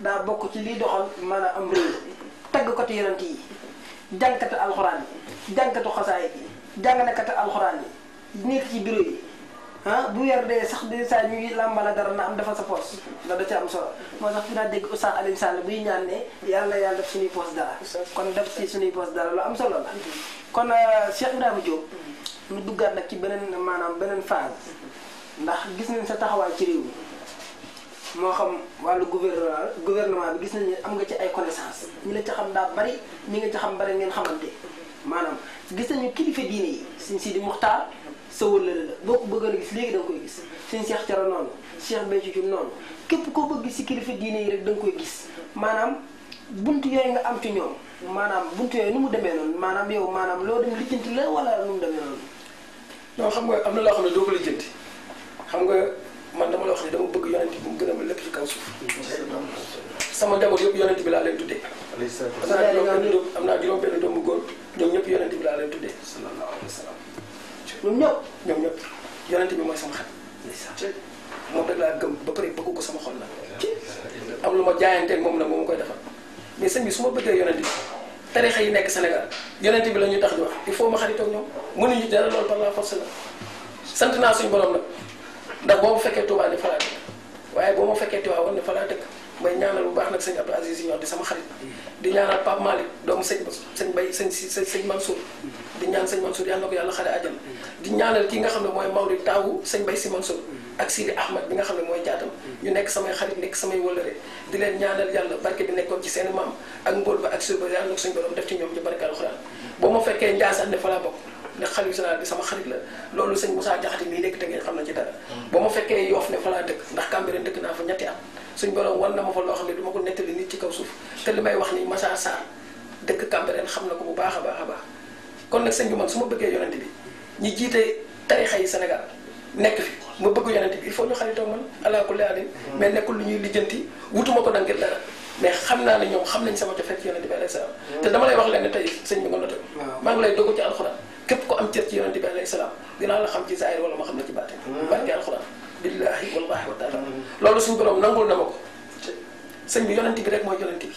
daa bokk ci liy doxal mën a am réew taggkatu yonent yi jànkatu alxuraan yi jànkatu xasaay yi jàngalekatu alxuraan yi nekk ci bureau yi ah bu weer dee sax di saa ñuy làmbala dara na am dafa sa poos ndax da am solo moo tax fi naa dégg Oustaz Alioune Sall buy ñaan ne yàlla yàlla def suñuy poos dara kon def si suñuy poos dara lu am solo la kon euh, Cheikh Ibrahima Diop mu duggaat nag ci beneen maanaam beneen phase ndax gis nañ sa taxawaay ci réew mi moo xam wàllu gouvernement gouvernement bi gis nañ ne am nga ci ay connaissance ñi la ci xam daa bari ñi nga ci xam bari ngeen xamante maanaam gis nañu kilifa diine yi si di muxtaar sa wëllële la boo gis léegi da nga koy gis suñ Cheikh Thioro noonu Cheikh Béthio képp koo bëgg si kilifa diine yi rek da nga koy gis maanaam bunt yooyu nga am ci ñoom maanaam bunt yooyu nu mu demee noonu maanaam yow maanaam loo dem lijjanti la wala nu mu demee noonu. non xam nga am na loo xam ne doo ko lijjanti xam nga man dama la wax ni dama bëgg yonent bi mu gën a ma lépp ci kaw suuf sama njaboot yëpp yonent bi laa leen tuddee am naa juróom benn doomu góor ñoom ñëpp yonent bi laa leen tuddee sallallahu alayhi wa ñëpp ñoom bi mooy sama xel moom rek laa gëm ba pare bëgg ko sama xol la am lu ma jaayanteeg moom nag moom koy defal mais sëñ bi su ma bëggee yonent bi tarixa yi nekk Sénégal yonent bi la ñuy tax di wax il faut ma xarit ak ñoom mënuñu dara loolu par la force la sant naa suñu borom la ndax boo ma fekkee Touba ne fa laa dëkk waaye boo ma fekkee Tiwaawan ne fa laa dëkk may ñaanal bu baax nag sëñ di sama xarit di ñaanal Pape Malick doomu sëñ sëñ Bay sëñ sëñ ñaan sëñ Mansour yàlla na ko yàlla xare àjjana di xam ne mooy Maodo taawu sëñ Bay si Mansour ak Sidi Ahmad bi nga xam ne mooy jaatam ñu nekk samay xarit nekk samay wëllëre di leen ñaanal yàlla barke bi nekkoon ci seen maam ak mbóol ba ak surba yàlla na ko suñu borom def ci ñoom ñu barke alxuraan boo ma fekkee Ndiassane ne fa laa bokk ne xalif général bi sama xarit la loolu sëñ Moussa Diakhaté mii nekk te ngeen xam na ci dara ba ma fekkee yoof ne fa laa dëkk ndax Cambérène dëkk naa fa ñetti at suñ borom war na ma fa loo xam ne du ma ko nettali nit ci kaw xam na ko bu baax a baax a baax kon nag sëñ bi man su ma bëggee yonent bi ñi jiite tarixa yi Sénégal nekk fi ma bëgg yonent bi il faut ñu xaritoo man ala kulli alin mais nekkul lu ñuy lijjanti wutuma ko dangir dara mais xam naa ne ñoom xam nañ sama cofeel ci yonent bi alayhi mm. te dama lay wax leen ne tey sëñ bi nga noté lay dogu ci alxuraan képp ko am cër ci yonent bi alayhi salaam dinaa la xam ci zaahir wala ma xam la ci bàtte hmm. barke alxuraan billaahi wallaahi wa taala hmm. loolu suñu borom nangul na ma ko bi yonent bi rek mooy yonent bi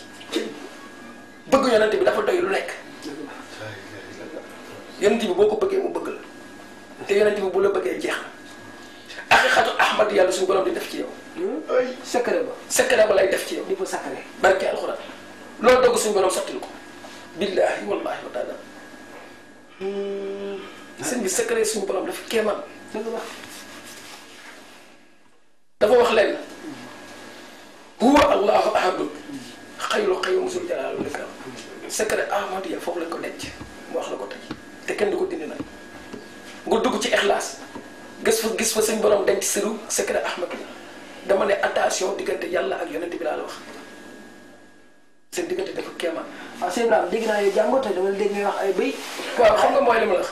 bëgg yonent bi dafa doy lu bi boo ko bëggee mu bëgg la te bu la bëggee jeex na xaqiqatu ahmad yàlla suñu borom def ci yow hmm? secret ba secret ba lay def ci yow di ko sacré barke alxuraan loolu dogg suñu borom sottil ko billaahi wallaahi wa Mmh. sëñ bi secret suñu borom dafa kéemaan dëgg wax dafa wax leen huwa allahu ahadu xayru xayru musul jalaal li kam secret ahmadiya foofu lañ ko denc mu wax la ko tey te kenn du ko dindi nag nga dugg ci ixlaas gis fa gis fa suñu borom denc siru secret ahmadiya dama ne attention diggante yàlla ak yonent bi laa la wax seen diggante dafa kéemaan waaw sëñ Ibrahima dégg naa yow jàngoo dama la dégg ngay wax ay béy waaw xam nga mooy li ma la wax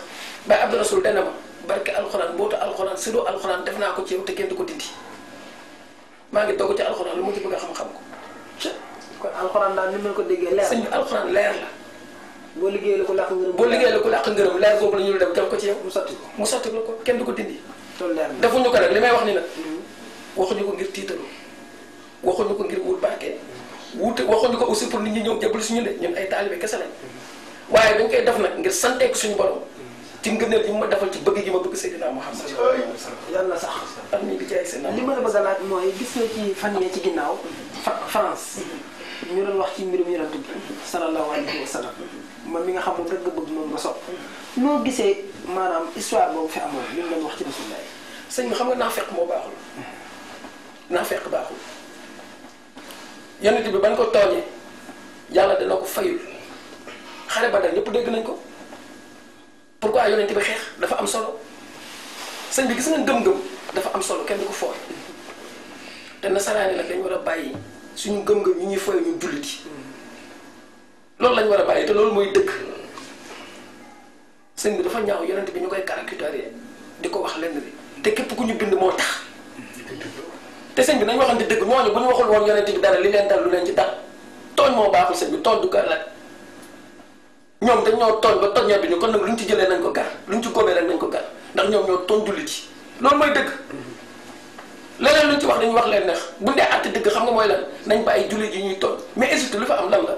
Baye Abdou Rasoul dana ma barke alxuraan mbootu alxuraan sidoo def naa ko ci yow te kenn du ko dindi maa ngi doog ci alxuraan lu ma ci bëgg a xam-xam ko kon alxuraan daal ni ma ko déggee leer sëñ bi alxuraan leer la boo liggéey la ko làq ngërëm boo liggéey la ko làq ngërëm leer boobu la ñu dem ko ci yow mu sotti ko mu sotti kenn du ko dindi loolu leer defuñu ko nag li may wax ni nag mm-hmm. waxuñu ko ngir tiitalu waxuñu ko ngir wut barke wuute waxuñu ko aussi pour nit ñi ñëw jébal suñu de ñun ay taalibe kese lañ waaye dañ koy def nag ngir santeeku suñu borom ci ngëneel yi ma defal ci bëgg gi ma bëgg Seydina Muhammad yàlla sax amiin bi jaay Seydina li ma la bëgg a laaj mooy gis nga ci fan yee ci ginnaaw France ñu doon wax ci mbirum yonent bi sallallahu alayhi wa sallam man mi nga xamoon dëgg bëgg moom ma sopp noo gisee maanaam histoire boobu fi amoon li mu doon wax ci Rasulullah sëñ bi xam nga naafeq moo baaxul naa naafeq baaxul yonent bi bañ ko tooñee yàlla dana ko fayul xare Badar ñëpp dégg nañ ko pour pourquoi yonent bi xeex dafa am solo sëñ bi gis nga ngëm-ngëm dafa am solo kenn du ko fooy te nasaraan yi nag war a bàyyi suñu gëm ngëm ñu ñuy fooy ñu jullit yi loolu lañ war a bàyyi te loolu mooy dëkk sëñ bi dafa ñaaw yonent bi ñu koy caricaturé di ko wax lenn bi te képp ku ñu bind moo tax. te bi nañ waxante dëgg moo ne bu ñu waxul woon yonent bi dara li leen dal lu leen ci dal tooñ moo bi tooñ du gàll ak kon nag lu ci jëlee nañ ko gar lu ñu ci góobee rek nañ ko gar ndax ñoom ñoo tooñ jullit yi loolu dëgg leneen lu ci wax dañu wax leen neex bu dee àtte dëgg xam nga mooy lan nañ bàyyi jullit yi ñuy tooñ mais lu fa am lan la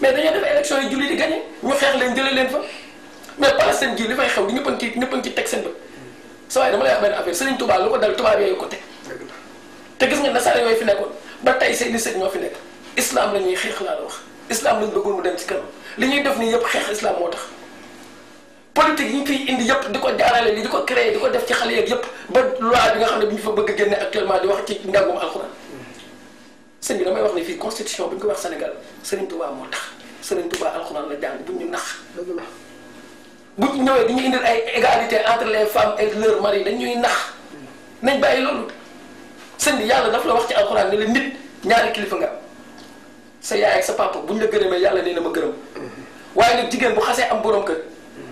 mais dañoo def élection yi jullit yi gagné ñu xeex leen jëlee leen fa mais Palestine ji li fay xew di ñëpp ci ñëpp ci teg seen bët sa waaye dama lay wax benn affaire Serigne Touba lu ko dal tubaab yooyu ko teg te gis nga nasaare yooyu fi nekkoon ba tey seeni sëñ ñoo fi nekk islam la ñuy xeex laa la wax islam lañ bëggul mu dem ci kanam li ñuy def nii yëpp xeex islam moo tax. politique yi ñu fiy indi yëpp di ko jaarale li di ko créer di ko def ci xale yeeg yëpp ba loi bi nga xam ne bi ñu fa bëgg a génne actuellement di wax ci njàngum alxuraan sëñ bi damay wax ne fii constitution bi ñu ko wax Sénégal Serigne Touba moo tax Serigne Touba alxuraan la jàng ñu nax. dëgg la buñ di ñu indil ay égalité entre les femmes et leurs dañ ñuy nax nañ bàyyi loolu. sëñ bi yàlla daf la wax ci alxuraan ne la nit ñaari kilifa nga sa yaay ak sa bu ñu la gërëmee yàlla nee na ma gërëm waaye nag jigéen bu xasee am borom kër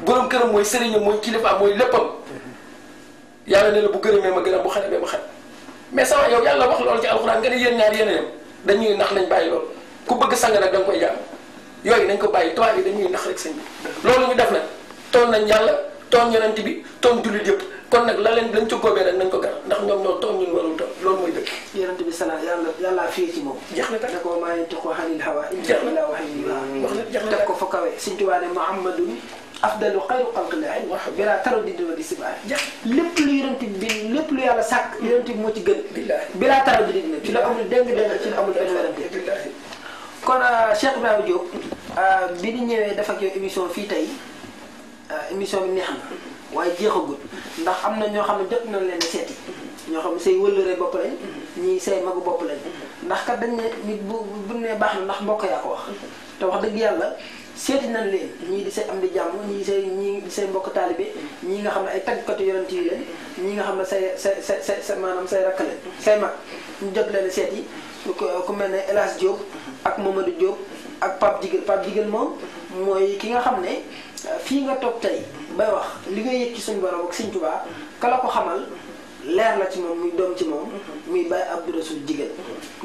borom këram mooy sëriñam mooy kilifa mooy léppam yàlla ne la bu gërëmee ma gërëm bu xarabee ma xar mais sama yow yàlla wax loolu ci alxuraan nga ne yéen ñaar yéen a yem dañuy nax lañ bàyyi loolu ku bëgg sang nag da nga koy jàmm yooyu nañ ko bàyyi toit yi dañuy nax rek sëñ bi loolu ñu def na toon nañ yàlla toon yonent bi toon jullit yëpp kon nag la leen lañ ci góobee rek nañ ko gar ndax ñoom ñoo toog ñun warul toog loolu mooy dëkk yonent bi sala yàlla yàlla fii ci moom jeex na ne ko maa yantiqu anil hawaa in huwa illaa wahyun yuuhaa mm. jeex na teg ko fa kawe Sëñ Tuubaa ne Muhammadun afdalu lépp lu yonent bi lépp lu yàlla sàkk yonent bi moo ci gën bilaa taraddudin ci la amul dégg dégg ci la amul benn werante kon euh, Cheikh Ibrahima Diop euh, bi ñu ñëwee def ak yow émission fii tey euh, émission bi neex waaye jeexagut ndax am na ñoo xam ne jot nañ leen a seeti ñoo xam ne say wëllëree bopp lañ ñii say magu bopp lañ ndax kat dañ ne nit bu bu ne baax na ndax mbokk yaa ko wax te wax dëgg yàlla seeti nañ leen ñii di say am di jàmm ñii say ñii di say mbokk taalibe ñii nga xam ne ay tàggkatu yonent yi leen ñii nga xam ne say say say say maanaam say rakk leen say mag ñu jot leen a seeti ku mel ne El Hadj Diop ak Mamadou Diop ak Pape Digel Pape Digel moom mooy ki nga xam ne fii nga toog tey bay wax li nga yëg ci suñu borom ak Sëñ Tuubaa ka la ko xamal leer la ci moom muy doom ci moom mhm. muy bàyyi Abdou Rasoul jigéen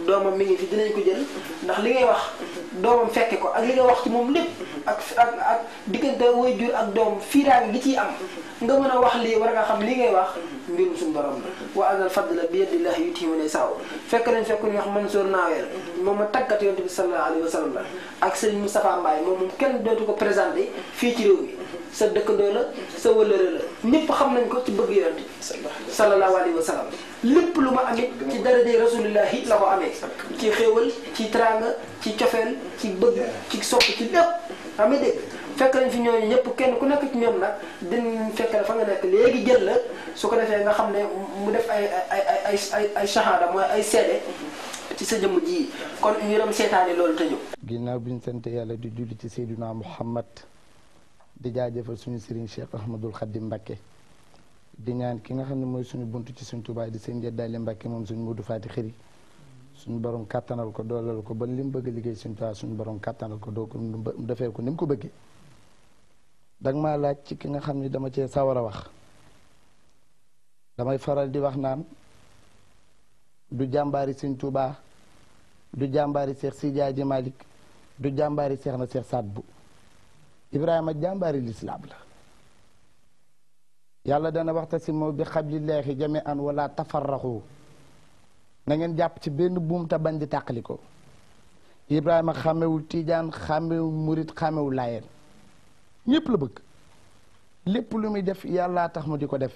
doomam mi ngi fi dinañ ko jël ndax li ngay wax mhm. doomam fekke ko ak li nga wax ci moom lépp mhm. ak ak ak diggante way jur ak doom fiiraange gi ciy am nga mën a wax lii war nga xam li ngay wax mbirum suñu borom la wa anal fadla bi yadillahi yuti ma ne saw fekk nañ fekk ñu wax Mansour naawee moom ma tàggat yonent bi sallallahu alayhi wa la ak Serigne Moustapha Mbaye moom moom kenn dootu ko présenté fii ci réew mi sa dëkkandoo la sa wëllëre la ñépp xam nañ ko ci bëgg yonent bi sallallahu alayhi wa sallam lépp lu ma amit ci darajey rasulillahi la ko amee ci xéewal ci trang ci cofeel ci bëgg ci sopp ci lépp amee fekk nañ fi ñooñu ñëpp kenn ku nekk ci ñoom nag dinañ fekk la fa nga nekk léegi jël la su ko defee nga xam ne mu def ay ay ay ay ay shahada mooy ay seede ci sa jëmm ji kon ñu dem seetaani lool te ñëw ginnaaw bi ñu sant yàlla di julli ci Seydina Muhammad di jaajëfal suñu sëriñ Cheikh Ahmadul Xaddim Mbakke di ñaan ki nga xam ne mooy suñu bunt ci suñ tubaay di seen jeddaale Mbakke moom suñu mudu faati xëri suñu borom kàttanal ko doolal ko ba li mu bëgg a liggéey suñu tubaay suñu borom kàttanal ko doo ko defee ko ni mu ko bëggee danga maa laaj ci ki nga xam ne dama cee sawar a wax damay faral di wax naan du jàmbaari sëñ Tuubaa du jàmbaari seex si Jaaji Malik du jàmbaari seex na seex Saad Bu ibrahima jàmbaari lislaam la yàlla dana waxta waxtasimu bi xablillaahi jami'an wala tafarraxu tafaraxu ngeen jàpp ci benn buum te bañ di tàqali ko ibrahima xàmmewul tiijaan xàmmewul murit xàmmewul laayeen ñépp la bëgg lépp lu muy def yàllaa tax mu di ko def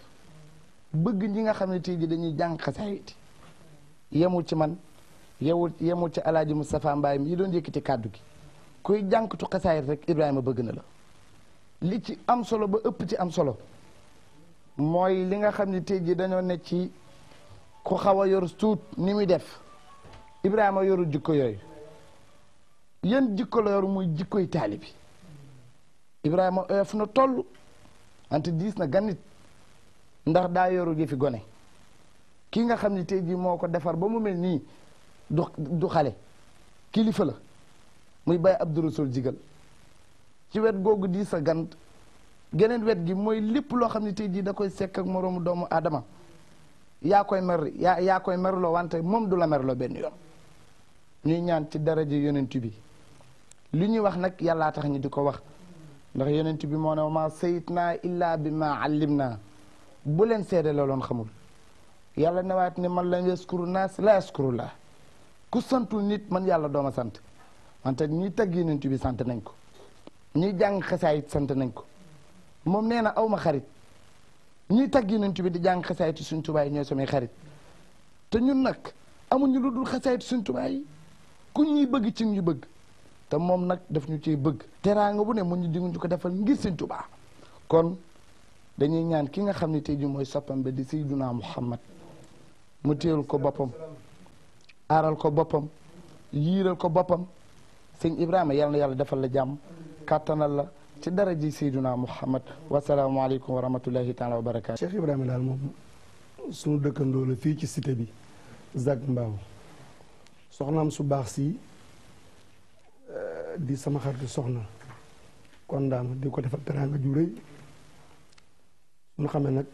bëgg ñi nga xam ne tey ji dañuy jàng xasaayit yemul ci man yewul yemul ci alaaji Moustapha mbaay mi yi doon yëkkati kàddu gi kuy jànkatu xasaayit rek Ibrahima bëgg na la li ci am solo ba ëpp ci am solo mooy li nga xam ne tey jii dañoo ne ci ku xaw a yor suut ni muy def Ibrahima yoru jikko yooyu yéen jikko la yor muy jikkoy taalibi Ibrahima oyof na toll ante diis na ganit ndax daa yoru gi gone kii nga xam ni tey jii moo ko defar ba mu mel nii du du xale kilifa la. muy Baye Abdou Rassoul Jigal ci wet googu di sa gant geneen wet gi mooy lépp loo xam ne tey jii da koy sekk ak moroomu doomu aadama yaa koy mer yaa yaa koy merloo wante moom du la merloo benn yoon ñuy ñaan ci dara daraja yonent bi li ñuy wax nag yàllaa tax ñu di ko wax ndax yonent bi moo ne ma sayit naa illaa bi ma allim naa bu leen seede looloon xamul yàlla newaat ne man la yaskuru naas la yaskuru laa ku santul nit man yàlla dooma sant wante ñuy tagg yonent bi sant nañ ko ñuy jàng xasaayit sant nañ ko moom nee na awma xarit ñuy tagg yonent bi di jàng xasaayitu suñ tubaay ñooy samay xarit te ñun nag amuñu lu dul xasaayitu suñ tubaay ku ñuy bëgg ci ñu bëgg te moom nag daf ñu ciy bëgg teraanga bu ne mu ñu dinguñu ko defal ngir suñ tubaa kon dañuy ñaan ki nga xam ni tey ji mooy soppam ba di Seydunaa Muhammad mu téyel ko boppam aaral ko boppam yiiral ko boppam sëñ Ibrahima yal na yàlla defal la jàmm kàttanal la ci dara ji Seydina Muhammad wasalaamualeykum wa rahmatullahi taala wa barakaatu. Cheikh Ibrahima daal moom sunu dëkkandoo la fii ci cité bi Zac Mbao soxnaam su baax si eh, di sama xaritu soxna kon daama di ko defal teraanga ju rëy suñu xamee nag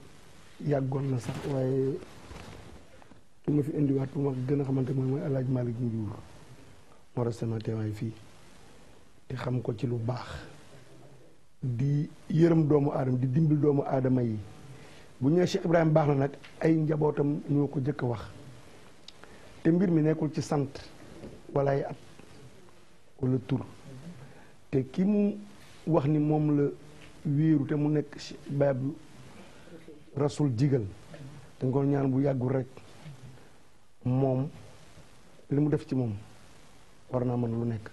yàggoon na sax waaye ki ma fi indiwaat bu ma gën a xamante mooy mooy El Hadj Malick waral sama teewaay fii te xam ko ci lu baax di yërëm doomu aadama di dimbil doomu aadama yi bu ñëwee Cheikh Ibrahima baax la nag ay njabootam ñoo ko jëkk a wax te mbir mi nekkul ci sant walla ay at wala tur te ki mu wax ni moom la wéeru te mu nekk baabu rasul jigal dañ ko ñaan bu yàggul rek moom li mu def ci moom war naa mën lu nekk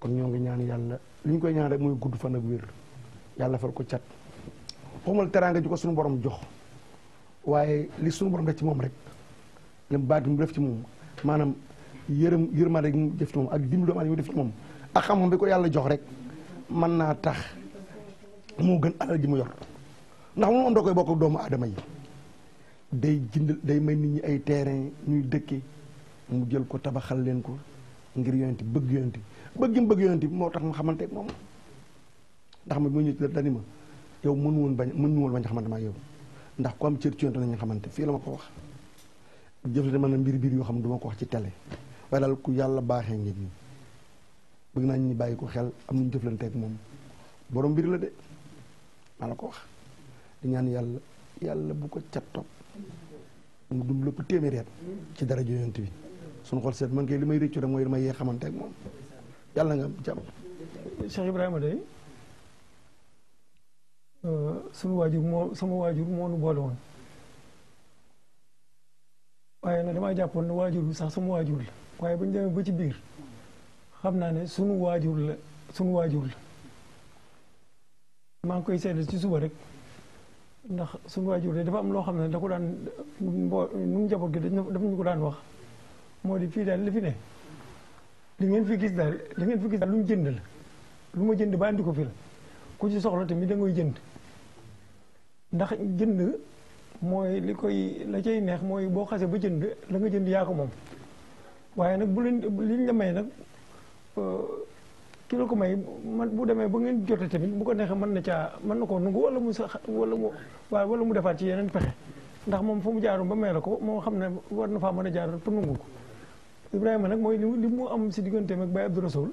kon ñoo ngi ñaan yàlla li ñu koy ñaan rek muy gudd fan ak wér yàlla fal ko cat waxumal teraanga ji ko suñu borom jox waaye li suñu borom def ci moom rek li mu baat mu def ci moom maanaam yërëm yërmande gi mu ak dimbalu def ci moom ak xam-xam bi ko yàlla jox rek man naa tax moo gën alal ji mu yor ndax moom am da koy bokk doomu aadama yi day jënd day may nit ñi ay terrain ñuy dëkke mu jël ko tabaxal leen ko ngir yonent bëgg yonent bëgg yonent bi moo tax ma xamante moom ndax ma mu ñu dani ma yow mënu woon bañ mënu woon bañ xamante maa yow ndax ku am cër ci yonent nañu xamante fii la ma ko wax jëflante ma na mbir mbir yoo xam ne du ko wax ci télé waaye daal ku yàlla baaxee ngeen ñi bëgg naa ñu bàyyi ko xel am nañu jëflante ak moom borom mbir la de maa la ko wax di ñaan yàlla yàlla bu ko cat topp mu dum lépp téeméeri at ci dara joyant bi suñu xol seet man kay li may réccu rek mooy li may yee nga am jàmm. Ibrahima de euh, sunu waajur moo sama waajur moo boole woon waaye nag damaa jàppoon ne waajur bi sax sama waajur la waaye bu ñu demee ba ci biir xam naa ne sunu waajur la sunu waajur la maa ngi koy seedal ci suba rek ndax sunu waajur de dafa am loo xam ne da ko daan mbo nu njaboot gi dañu ko daan wax. moo di fii daal la fi ne li ngeen fi gis daal li ngeen fi gis daal lu mu jënd la lu ma jënd ba andi ko fi la ku ci soxla tamit da jënd ndax jënd mooy li koy la cay neex mooy boo xasee ba jënd la nga jënd yaa ko moom waaye nag bu li liñ la may nag euh, ki la ko may man bu demee ba ngeen jote tamit bu ko neexee mën na caa mën na ko nangu wala mu sax wala mu waaye wala mu defaat ci yeneen pexe ndax moom fa mu jaarum ba may la ko moo xam ne war na faa mën a jaar pour nangu ko Ibrahima nag mooy li li mu am si digganteem ak Baye Abdou Rasoul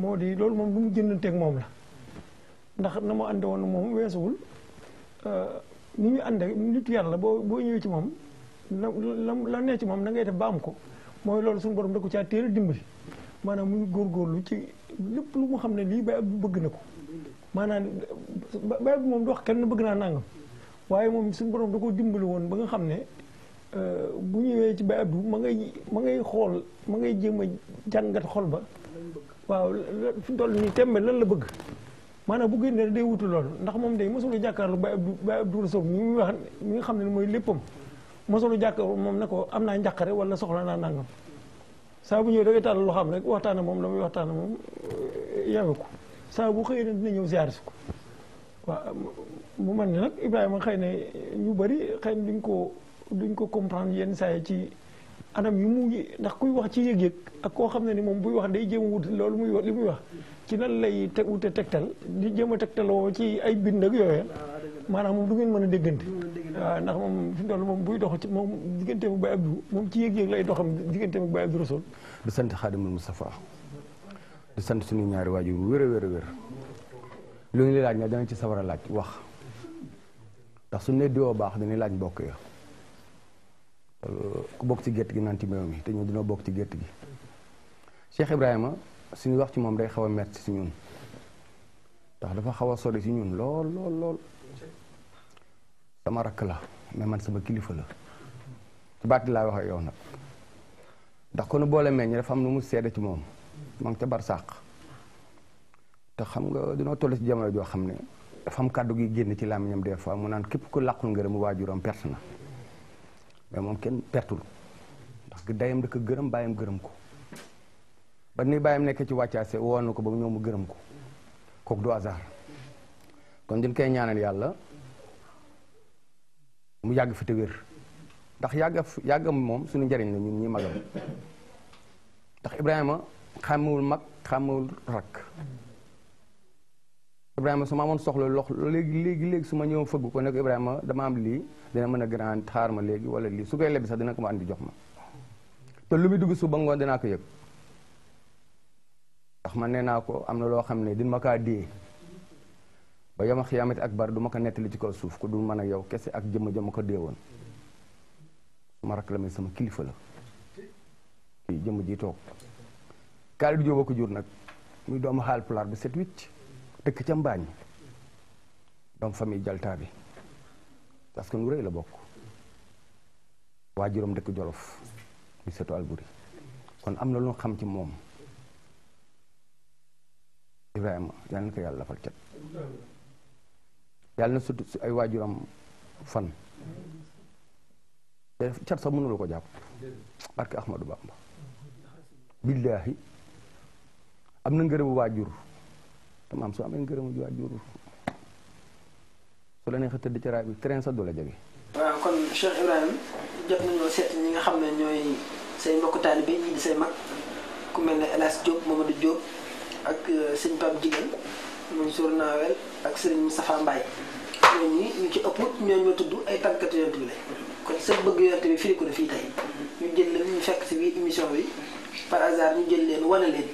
moo di loolu moom lu mu jëndanteeg moom la ndax na mu ànd woon moom weesuwul euh, ni ñu ànd ak nit boo boo ñëwee ci moom la la nee ci moom na ngay def ba am ko mooy loolu suñu borom da ko caa téere dimbali maanaam muy góorgóorlu ci lépp lu mu xam ne lii Baye Abdou bëgg na ko maanaam Baye Abdou moom dox wax kenn bëgg naa nangam waaye moom suñu borom da ko dimbali woon ba nga xam ne Euh, bu ñëwee ci Baye Abdou ma ngay ma ngay xool ma ngay jéem a jàngat xol ba waaw fi toll nii tembe lan la bëgg maanaam bu génnee day wutu loolu ndax moom day mosul jàkkaarlu Baye Abdou Baye Abdou Rassoul mi muy mi nga xam ne mooy léppam mosul jàkkaarlu moom ne ko am naa njàqare wala soxla naa nangam saa bu ñëwee da ngay tàll loo xam rek waxtaana moom la waxtaana moom eh, yawe ko saa bu xëyee na dina ñëw ziar si ko waaw mu mel ne nag Ibrahima xay na ñu bari xëy na duñ ko duñ ko comprendre yenn saa yi ci anam yu mu ndax kuy wax ci yëg-yëg ak koo xam ne ni moom buy wax day jéem wut loolu muy li muy wax ci nan lay te wute tegtal di jéem a tegtaloo ci ay bind maanaam moom du ngeen mën a déggante ndax moom fi mu toll moom buy dox ci moom digganteem ak Baye Abdou moom ci yëg lay doxam digganteem ak Baye Abdou Rasoul di sant Xaadimul Mustafa di sant suñu ñaari waajur wér a wér a wér lu ñu laaj nga danga ci sawar a laaj wax ndax suñu ne baax dañuy laaj mbokk ya ku bokk ci gétt gi naan ci meew mi te ñu dina bokk ci gétt gi Cheikh Ibrahima suñu wax ci moom day xaw a metti si ñun ndax dafa xaw a sori si ñun lool lool sama rakk la mais man sama kilifa la ci baati laa wax ak yow nag ndax kon boole meññ dafa am lu mu seede ci moom ma ngi ca barsàq te xam nga dina toll si jamono joo xam ne dafa am kàddu gi génn ci làmmiñam des fois mu naan képp ku làqul ngërëm waajuram perte na mais moom kenn pertul ndax dayam da ko gërëm bàyyam gërëm ko ba ni bàyyam nekk ci wàccaase woo na ko ba mu ñëw mu gërëm ko kooku du hasard kon din koy ñaanal yàlla mu yàgg fi te wér ndax yàgga yàggam moom suñu njariñ la ñun ñi magam ndax Ibrahima xàmmewul mag xàmmewul rakk Ibrahima suma ma amoon soxla lox léegi léegi léegi suma ma ñëwoon ko nek Ibrahima dama am li dina mëna grand tar ma léegi wala li. su koy lebi sax dina ko ma andi jox ma te lu mi dugg su bangon dina ko yek tax man neena ko amna lo xamne din maka di ba yama khiyamat akbar duma ko netti ci ko suuf ku du mëna yow kese ak jëm jëm ko deewon ma rak lamay sama kilifa la kii jëm ji tok du jur nak muy doomu hal bi set 8 dëkk ca mbaañ doom famille jaltaa parce que nu rëy la bokk waajuram dëkk jolof di sëtu Alburi kon am na lu xam ci moom Ibrahima yal na ko yàlla lafal cat yàlla na sut ay waajuram fan te cat sax mënuloo ko jàpp barke Ahmadou Bamba billaahi am na ngërëmu waajur te maam su amee ngërëmu ju waajur su la neexee tëdd ci raay bi train sa du la jege. waaw kon Cheikh Ibrahima jot nañoo seet ñi nga xam ne ñooy say mbokk taalibe ñii di say mag ku mel ne El Hadj Diop Mamadou Diop ak euh, sëñ Pape Jigéen Mansour Nawel ak sëriñ Moustapha Mbaye ñooñu ñu ci ëpp ñooñu ma tudd ay tàggatu yonent bi kon sa bëgg yonent bi fii ko na fii tey ñu jël leen ñu fekk si biir émission bi par hasard ñu jël leen wane leen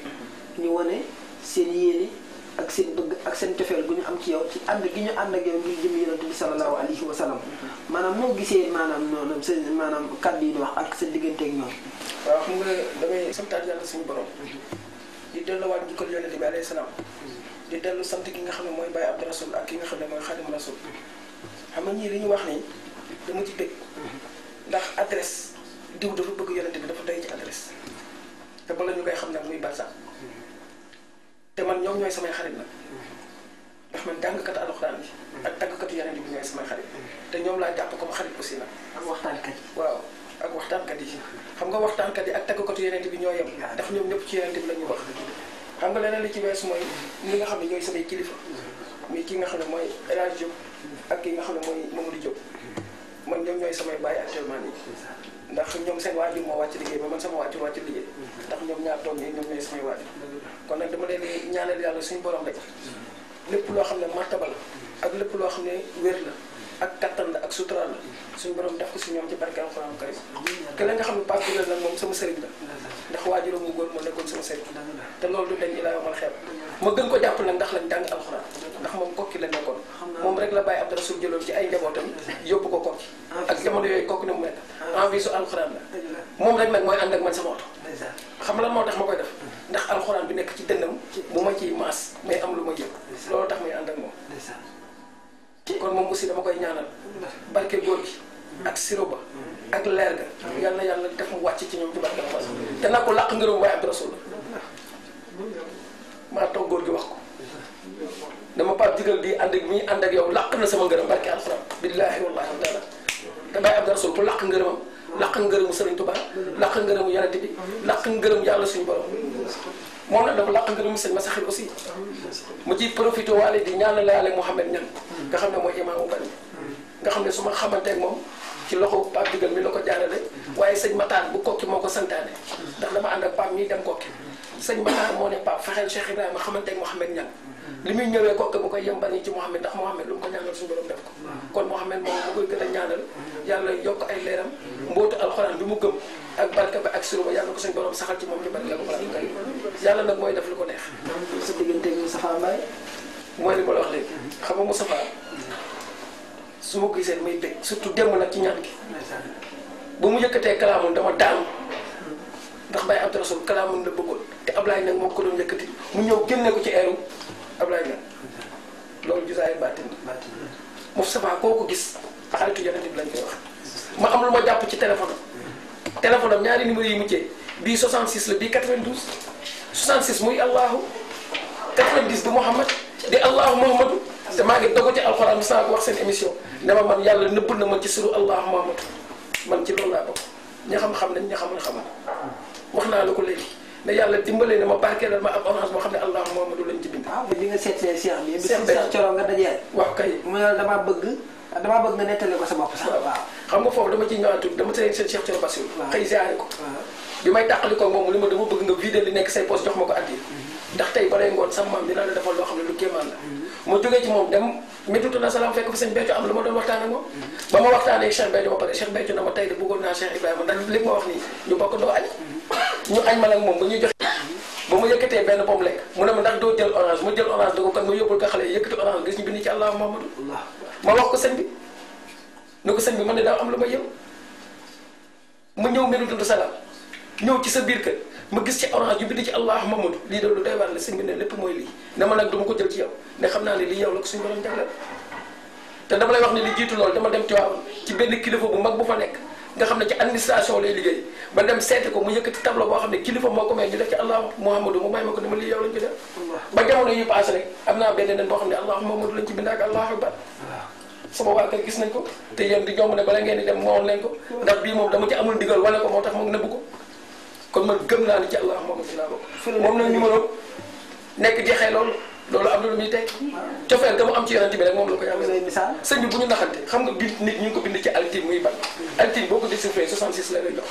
ñu wane seen yéene. ak seen bëgg ak seen cofeel bu ñu am ci yow ci ànd gi ñu ànd ak yow ngir jëm yonent bi sallallahu alayhi wa sallam mhm. maanaam moo gisee maanaam noonu seen maanaam kàddu yi di wax ak seen digganteeg ñoom. waaw xam nga damay santaat yàlla suñu borom. Mhm. di delluwaat njukkal yonent bi alayhi salaam. Mhm. di dellu sant ki nga xam ne mooy Baye Abdou Rasoul ak ki nga xam ne mooy Xadim Rasoul. xam nga ñii li ñu wax nii dama ci bëgg. ndax adresse diw dafa bëgg yonent bi dafa doy ci adresse. te bala ñu koy xam nag muy Barza. te man ñoom ñooy samay xarit nag ndax man jàngkat alxuraan yi ak tàggkatu yeneen bi ñooy samay xarit te ñoom laa jàpp comme xarit aussi nag ak waxtaankat kat waaw ak waxtaankat yi xam nga kat yi ak tàggkatu yeneen bi ñoo yem ndax ñoom ñëpp ci yeneen bi lañu wax xam nga leneen li ci wees mooy ñi nga xam ne ñooy samay kilifa muy ki nga xam ne mooy El Hadj ak ki nga xam ne mooy Mamadou Diop man ñoom ñooy samay bàyyi actuellement nii ndax ñoom seen waajur moo wàcc liggéey ba man sama waajur wàcc liggéey ndax ñoom ñaar toog ñoom ñooy samay waajur kon nag dama leen di ñaanal yàlla suñu borom rek lépp loo xam ne martaba la ak lépp loo xam ne wér la ak kattan la ak sutura la suñu borom def ko si ñoom ci barke alxuraan karim te la nga xam ne Pape Diouf nag moom sama sëriñ la ndax waajuram mu góor moo nekkoon sama sëriñ te loolu du dañ ilaa yomal xeeb ma gën ko jàpp nag ndax lañ jàng alxuraan ndax moom kokki la nekkoon moom rek la bàyyi Abdou Rassoul jëloon ci ay njabootam yóbbu ko kokki ak jamono yooyu kokki ne mu mel envie su alxuraan la moom rek nag mooy ànd ak man sama oto xam la moo tax ma koy def ndax alxuraan bi nek ci dënnam mu ma ci maas mais am lu ma jëm loolu tax may ànd ak moom kon mom aussi dama koy ñaanal barke goor bi ak siroba ak leer ga yalla yalla def mu wacc ci ñoom ci barke fa te naa ko làq ngërëm waaye abdu rasul maa toog góor gi wax ko dama pa digal di and ak mi and ak yow làq na sama ngeerum barke alxuraan billahi wallahi wa taala te bay abdou rasoul bu làq ngeerum làq ngeerum serigne touba làq ngeerum yonente bi làq ngeerum yalla suñu borom moom nag dafa làq ngërëmu sëñ Massa Xil aussi mu ciy profité waale di ñaanal yàlla Mouhamed Niang nga xam ne mooy imaamu bari nga xam ne su ma xamanteeg moom ci loxo Pape Digal mi la ko jaarale waaye sëñ mataan bu kokki moo ko santaane ndax dama ànd ak Pape ñiy dem kokki sëñ Matar moo ne Pape fexeel Cheikh Ibrahima xamanteeg Mouhamed Niang limi ñëwé ko ko mu koy yembal ci Mouhamed ndax Mouhamed lu ko ñaanal su borom def ko kon Mouhamed mo ko gëna ñaanal yalla yok ay leeram mbotu alxuraan bi mu gëm ak barka ba ak suru ba yalla ko suñu borom saxal ci mom ci barke ba alxuraan kay yalla nak moy def lu ko neex sa digënté ñu Moustapha Mbaye moy li ko wax leg xam nga Moustapha su mu gisee muy bég surtout dem nak ci ñaan gi bu mu yëkëté kalamu dama daal ndax bay Abdou rasoul kalamu la bëggoon te Ablaye nak moo ko doon yëkëti mu ñëw génne ko ci éru Abdoulaye Niang loolu gisaayu bàttin Moustapha koo ko gis xaritu yonent bi lañ koy wax ma am lu ma jàpp ci téléphone am téléphone am ñaari numéro yi mujjee bii 66 la bii 92 66 muy Allahu 90 du Mouhamad di Allahu Mouhamadu te maa ngi dogo ci alxuraan saa ko wax seen émission ne ma man yàlla nëbbal na ma ci suru Allahu Mouhamadu man ci loolu laa bokk ña xam-xam nañ ña xamul xamul wax naa la ko léegi. ne yàlla dimbale na ma barkeel na ma am orange boo xam ne allahu Muhammadu lañ ci bind. waaw ah, bi nga seetlee bëgg nga nettali ko sa bopp xam nga foofu dama ciy ñëwaat tuuti dama bëgg nga vidé li nekk say poche jox ma ko addi mhm. ndax tey balay ngoon sama maam dinaa la defal loo xam ne lu kéemaan la mhm. ma jógee ci moom dem métutu na salaam fekk fa sëñ Béthio am lu ma doon waxtaan moom mhm. ba ma waxtaanee Cheikh Béthio ba pare bëggoon naa Cheikh Ibrahima ndax lépp ma wax nii ñu añ man ak moom ba ñuy joxe ba mu yëkkatee benn pomme lekk mu ne ma ndax doo jël orange mu jël orange da ko kon ma yóbbul ko xale yëkkati orange gis ñu bind ci allah mahamadou ma wax ko sëñ bi ne ko sëñ bi man ne daal am lu ma yëw mu ñëw mbiru dund sagal ñëw ci sa biir kër ma gis ci orange ñu bind ci allah mahamadou lii de lu doy waar la sëñ bi ne lépp mooy lii ne ma nag du ma ko jël ci yow ne xam naa ne lii yow la ko suñu borom jagleel te dama lay wax ne li jiitu loolu dama dem ci waaw ci benn kilifa bu mag bu fa nekk nga xam ne ci administration lay liggéey ba dem seeti ko mu yëkkati tableau boo xam ne kilifa moo ko may ñu def ci allahu muhammadu mu may ma ko dama lii yow lañ ko def ba sama waa kër gis nañ ko te yéen di jomb ne bala ngeen di dem moom leen ko ndax bii moom dama ci amul ndigal wane ko moo tax moom nëbbu ko kon man gëm naa ni ci allahu muhammadu laa bokk moom nag numéro nekk jeexee loolu loolu am na lu muy teg cofeel ga mu am ci yonent bi rek moom la ko yàlla misaal sëñ bi boo ko déchiffré 66 la lay jox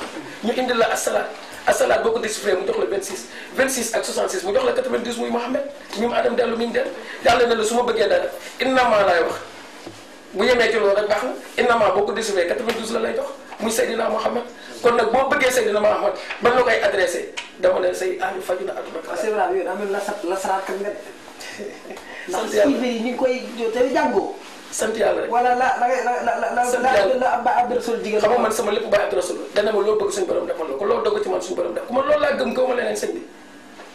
ñu indi la asalaat asalaat ne la su ma bëggee dara innama laay koy adressé dama ne say aaju faju na aduna. sant yàlla ndax ñu koy te jàngoo. sant yàlla rek wala la la la la la ba Abdou Rasoul jigéen xam nga man sama lépp ba Abdou Rasoul dana ma loo bëgg suñu borom ko loo def ko man loolu laa gëm kaw ma leneen sëñ bi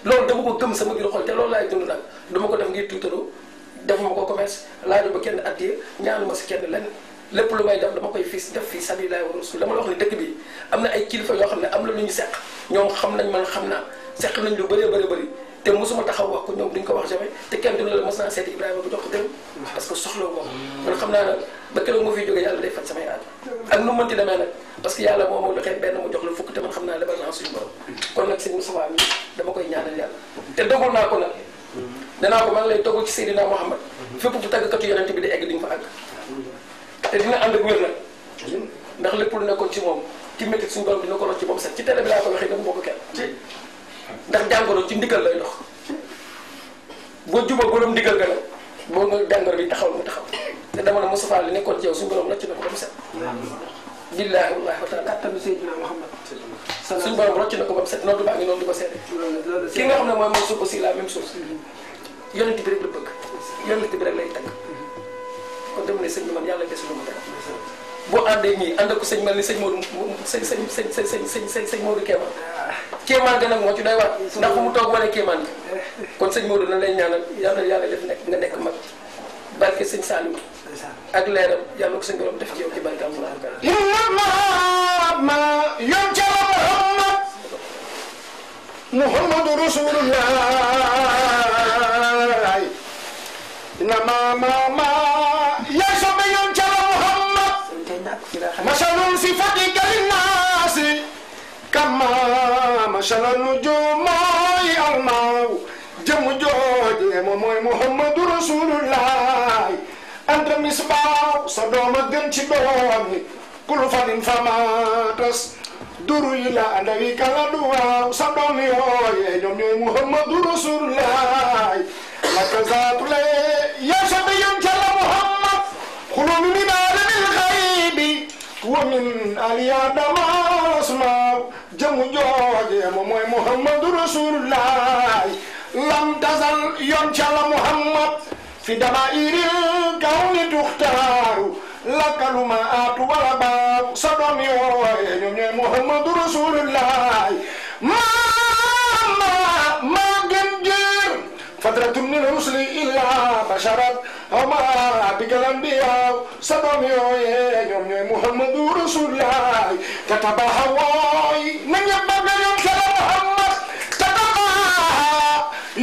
loolu dama ko gëm sama biir xol te loolu laay dund nag dama ko def ngir tuutaroo defuma ko commerce laaju ba kenn addiye ñaanu ma si kenn lenn lépp lu may def dama koy fii def fii sabiilillaahi wa rasuul dama la wax ne dëkk bi am na ay kilifa yoo xam ne am na lu ñu seq ñoom xam nañ man xam naa seq nañ lu bëree bëri bëri te mosuma taxaw wax ko ñoom duñ ko wax jamais te kenn duñ la mos naa seeti Ibrahima bu jox ko dërëm man xam naa nag ba keroog ma fiy jógee yàlla day faj samay aat ak nu mënti demee nag parce que yàlla moo ma man xam naa lebal naa suñu borom kon nag te dogul naa ko nag danaa ko maa lay togg ci Seydina Mouhamad fépp bu tàggkatu yonent bi di egg di nga fa te dina ànd ak wér nag ndax lépp lu nekkoon ci moom dina ko roc ci moom ci télé bi laa ko waxee dama bokk kenn ndax jàngoro ci ndigal lay dox boo juba borom ndigal nga la boo nga jàngoro bi taxawal mu taxaw te dama ne Moustapha li nekkoon ci yow suñu borom rocc na ko ba mu set. billaahi wallaahi wa taala kattanu Seydina Muhammad suñu borom rocc ba mu ngi noonu di ko ki nga xam ne mooy moom suuf aussi la même chose yonent bi rek la bëgg yonent bi rek lay tagg kon dem ne sëñ bi man yàlla desuluma dara boo àndee nii ànd ko sëñ mel ni sëñ Modou sëñ sëñ sëñ sëñ sëñ sëñ sëñ Modou Kéemaan Kéemaan ga nag moo ci doy ndax mu toog wane Kéemaan gi kon sëñ Modou na lay ñaanal yàlla yàlla def nekk nga nekk mag barke sëñ Saliou ak leeram yàlla ko sëñ borom def ci yow ci barke am naa kal ma yoon ca Muhammad Muhammadu Rasulullah na ma ma ma kama machal nujum mooy almaaw jëmm jooje moom mooy muhammadu rasulullah anta misbaaw sa doom a gën ci doom yi kul fanin famatas duru yi la andawi kala duwaaw sa doom yooye ñoom ñooy muhammadu rasulullah la kazaatu lee ومن اليا دما اسماء جمو جوجي موي محمد رسول الله لم تزل ينشل محمد في دمائر الكون تختار لك الماءات والباب صدم يوي محمد رسول الله basharan xawma abigal anbiyaw sa doom yooye ñoom ñooy muhammadu rasulullah te tabaxa wooy na ñëpp bëgg yoon ca la muhammad te tabaxa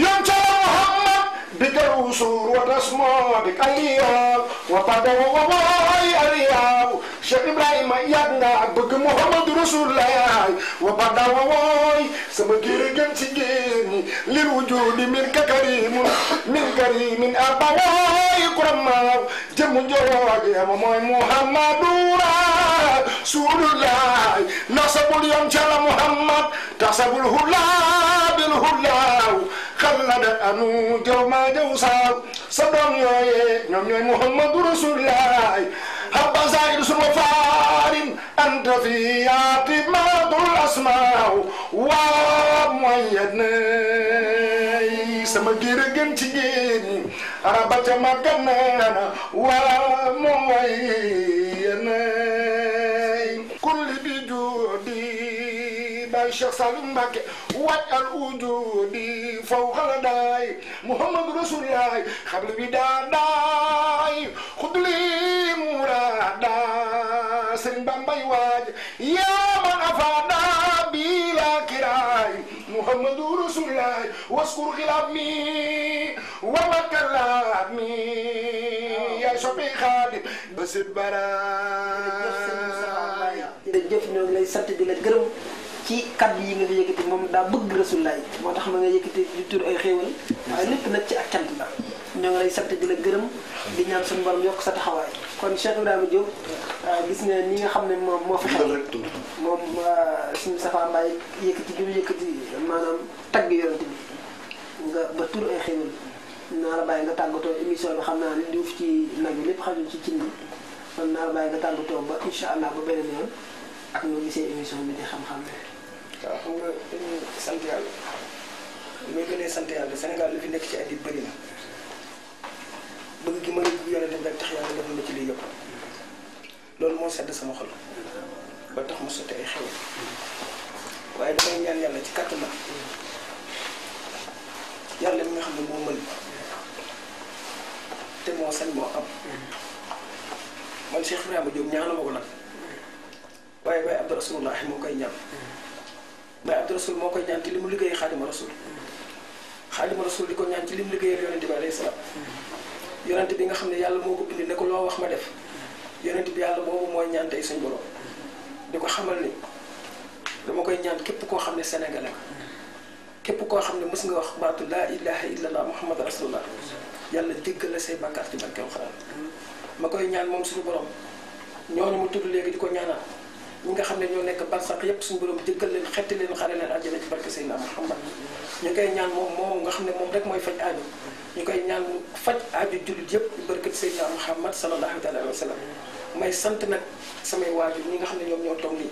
yoon ca la muhammad bigal usuur wa tasmo dik aliyaw wa badawa wa wooy aliyaw Cheikh Ibrahim yàgg ak bëgg Muhammad Rasulullah wa badawa wooy sama gërë gën ci géer li lil wujudi min karim karimun min karimin abba wooy kuramaaw jëmu jooge yam moy Muhammadu Rasulullah nasabul yom cala Muhammad tasabul hulla bil hulaaw xallada anu jow ma jow sa sa doom yooye ñoom ñooy Muhammadu Rasulullah حبا زائد وفار أنت في اعتماد الأسماء ومؤيدني سما جيرجن تجيني أنا بجمع كنا ومؤيد Cheikh Saloum Mbacké waaj al ujuudi fawqal daay Muhammad Rasulullaay xabla bi daa daay xudli muraada Sëriñ Bambay waaj yaa man afaada bila kiraay Muhammad Rasulullaay waskur xilaab mi wa wakkalaab mi yaay soppi xaadim ba sit baraay jëf ñoo ngi lay sant di la gërëm ci kaddu yi nga fi yëkkati moom daa bëgg rasulaay moo tax ma nga yëkkati di tur ay xéewal waaye lépp nag ci ak cant la ñoo ngi lay sant di la gërëm di ñaan suñu borom yokk sa taxawaay kon Cheikh Ibrahima Diop gis nga ni nga xam ne moom moo fi xew moom suñu Safa Mbaye yëkkati bi mu tagg yonent nga ba tur ay xéewal naa la bàyyi nga tàggatoo émission bi xam naa ne duuf ci nag bi lépp xajul ci cin bi kon naa nga tàggatoo ba incha allah ba beneen yoon ak émission bi di xam-xam waaw xam nga dañuy sant yàlla li may gënee sant yàlla Sénégal li nekk ci ay nit bëri na bëgg gi ma nekk yonente bi rek tax yàlla ci lii yëpp moo sedd sama xol ba tax ma sotti yàlla ci kàttanam mi nga xam ne moo mën te moo sañ moo am man Cheikh Ibrahima Diop ñaanuma ko nag waaye waaye Abdou Rasulullah moo koy ñaan Baye Abdou Rasoul moo koy ñaan ci li mu liggéey Xaadima Rasoul Xaadima Rasoul di ko ñaan ci li mu liggéeyal yonente bi alayhi salaam bi nga xam ne yàlla moo ko indi ne loo wax ma def yonente bi yàlla boobu mooy ñaan suñ borom di ko xamal ni dama koy ñaan képp koo xam ne sénégalais képp koo xam ne mës nga wax baatu laa ilaha illallah muhammad rasulullah yàlla jéggal la say bàkkaar ci barkew xalaat ma koy ñaan moom suñu borom ñoo ñooñu mu tudd léegi di ko ñaanal ñi nga xam ne ñoo nekk barsaq yépp suñu borom jëggal leen xetti leen xare leen àjjana ci barke Seydina Muhammad ñu koy ñaan moom moom nga xam ne moom rek mooy faj aaju ñu koy ñaan faj aaju jullit yépp ci barke Seydina Muhammad sallallahu alayhi wa sallam may sant nag samay waajur ñi nga xam ne ñoom ñoo toog nii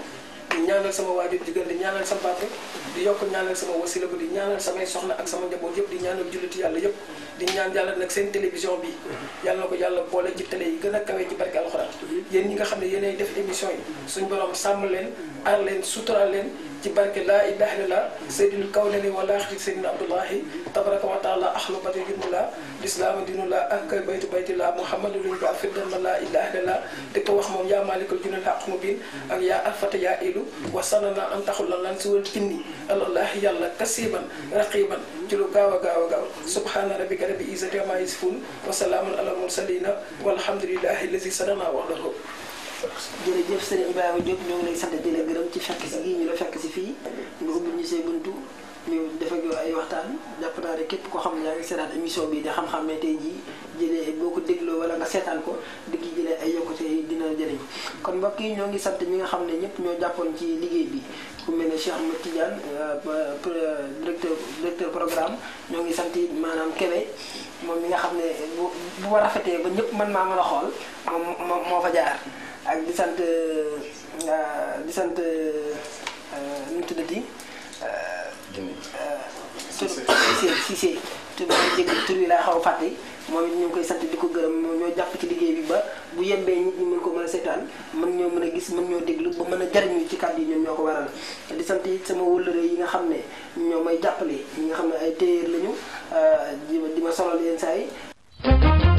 di ñaanal sama waajur jigéen di ñaanal sama papa di yokk ñaanal sama wasila ba di ñaanal samay soxna ak sama njaboot yëpp di ñaanal julliti yàlla yëpp di ñaan yàlla nag seen télévision bi yàlla ko yàlla boole ci télé yi gën a kawee ci barke alxuraan yéen ñi nga xam ne yéenay def émission yi suñ borom sàmm leen aar leen sutural leen ci barke laa ilaha illallah seydil kawnani wal aaxiri seydina abdullahi tabaraka wa taala ahlu badi dinullah lislaama dinullah ak kay baytu baytillah muhammadu luñ ba firdan ma laa ilaha illallah te ko wax moom yaa maalikul junal xaq mubin ak yaa alfata yaa ilu wa sanana an taxulan lan si wal jinni alallahi yàlla kasiban raqiban ci lu gaaw a gaaw a gaaw subhaana rabbika rabbi izzati amma yasifun wa salaamun ala mursalina walhamdulillahi lazi sanana wax jërëjëf sëriñ Ibrahima Diop ñoo ngi lay sant di la gërëm ci fekk si gii ñu la fekk si fii nga ubbi ñu see buntu ñu def ak ay waxtaan jàpp naa ne képp koo xam ne yaa ngi émission bi di xam ne tey jii jëlee ko dégloo wala nga seetaan ko di ki jëlee ay dina jëriñ kon mbokk yi ñoo ngi sant ñi nga xam ne ñëpp ñoo jàppoon ci liggéey bi ku mel ne Cheikh Ahmed Tidiane euh, directeur directeur programme ñoo ngi santi maanaam Kébé moom mi nga xam ne bu bu ma rafetee ba ñëpp man maa mën a xool moo moo fa jaar ak di sant euh, di sant euh, nu mu tuddati. Euh, Cissé Cissé tur bi laa xaw a fàtte moom it ñu ngi koy sant di ko gërëm ñoo jàpp ci liggéey bi ba bu yembee nit ñi mën ko mën a seetaan mën ñoo mën a gis man ñoo déglu ba mën a jariñu ci kàddu yi ñoom ñoo ko waral di sant it sama wëllëre yi nga xam ne ñoo may jàppale ñi nga xam ne ay téyeer lañu di ma solal yenn saa yi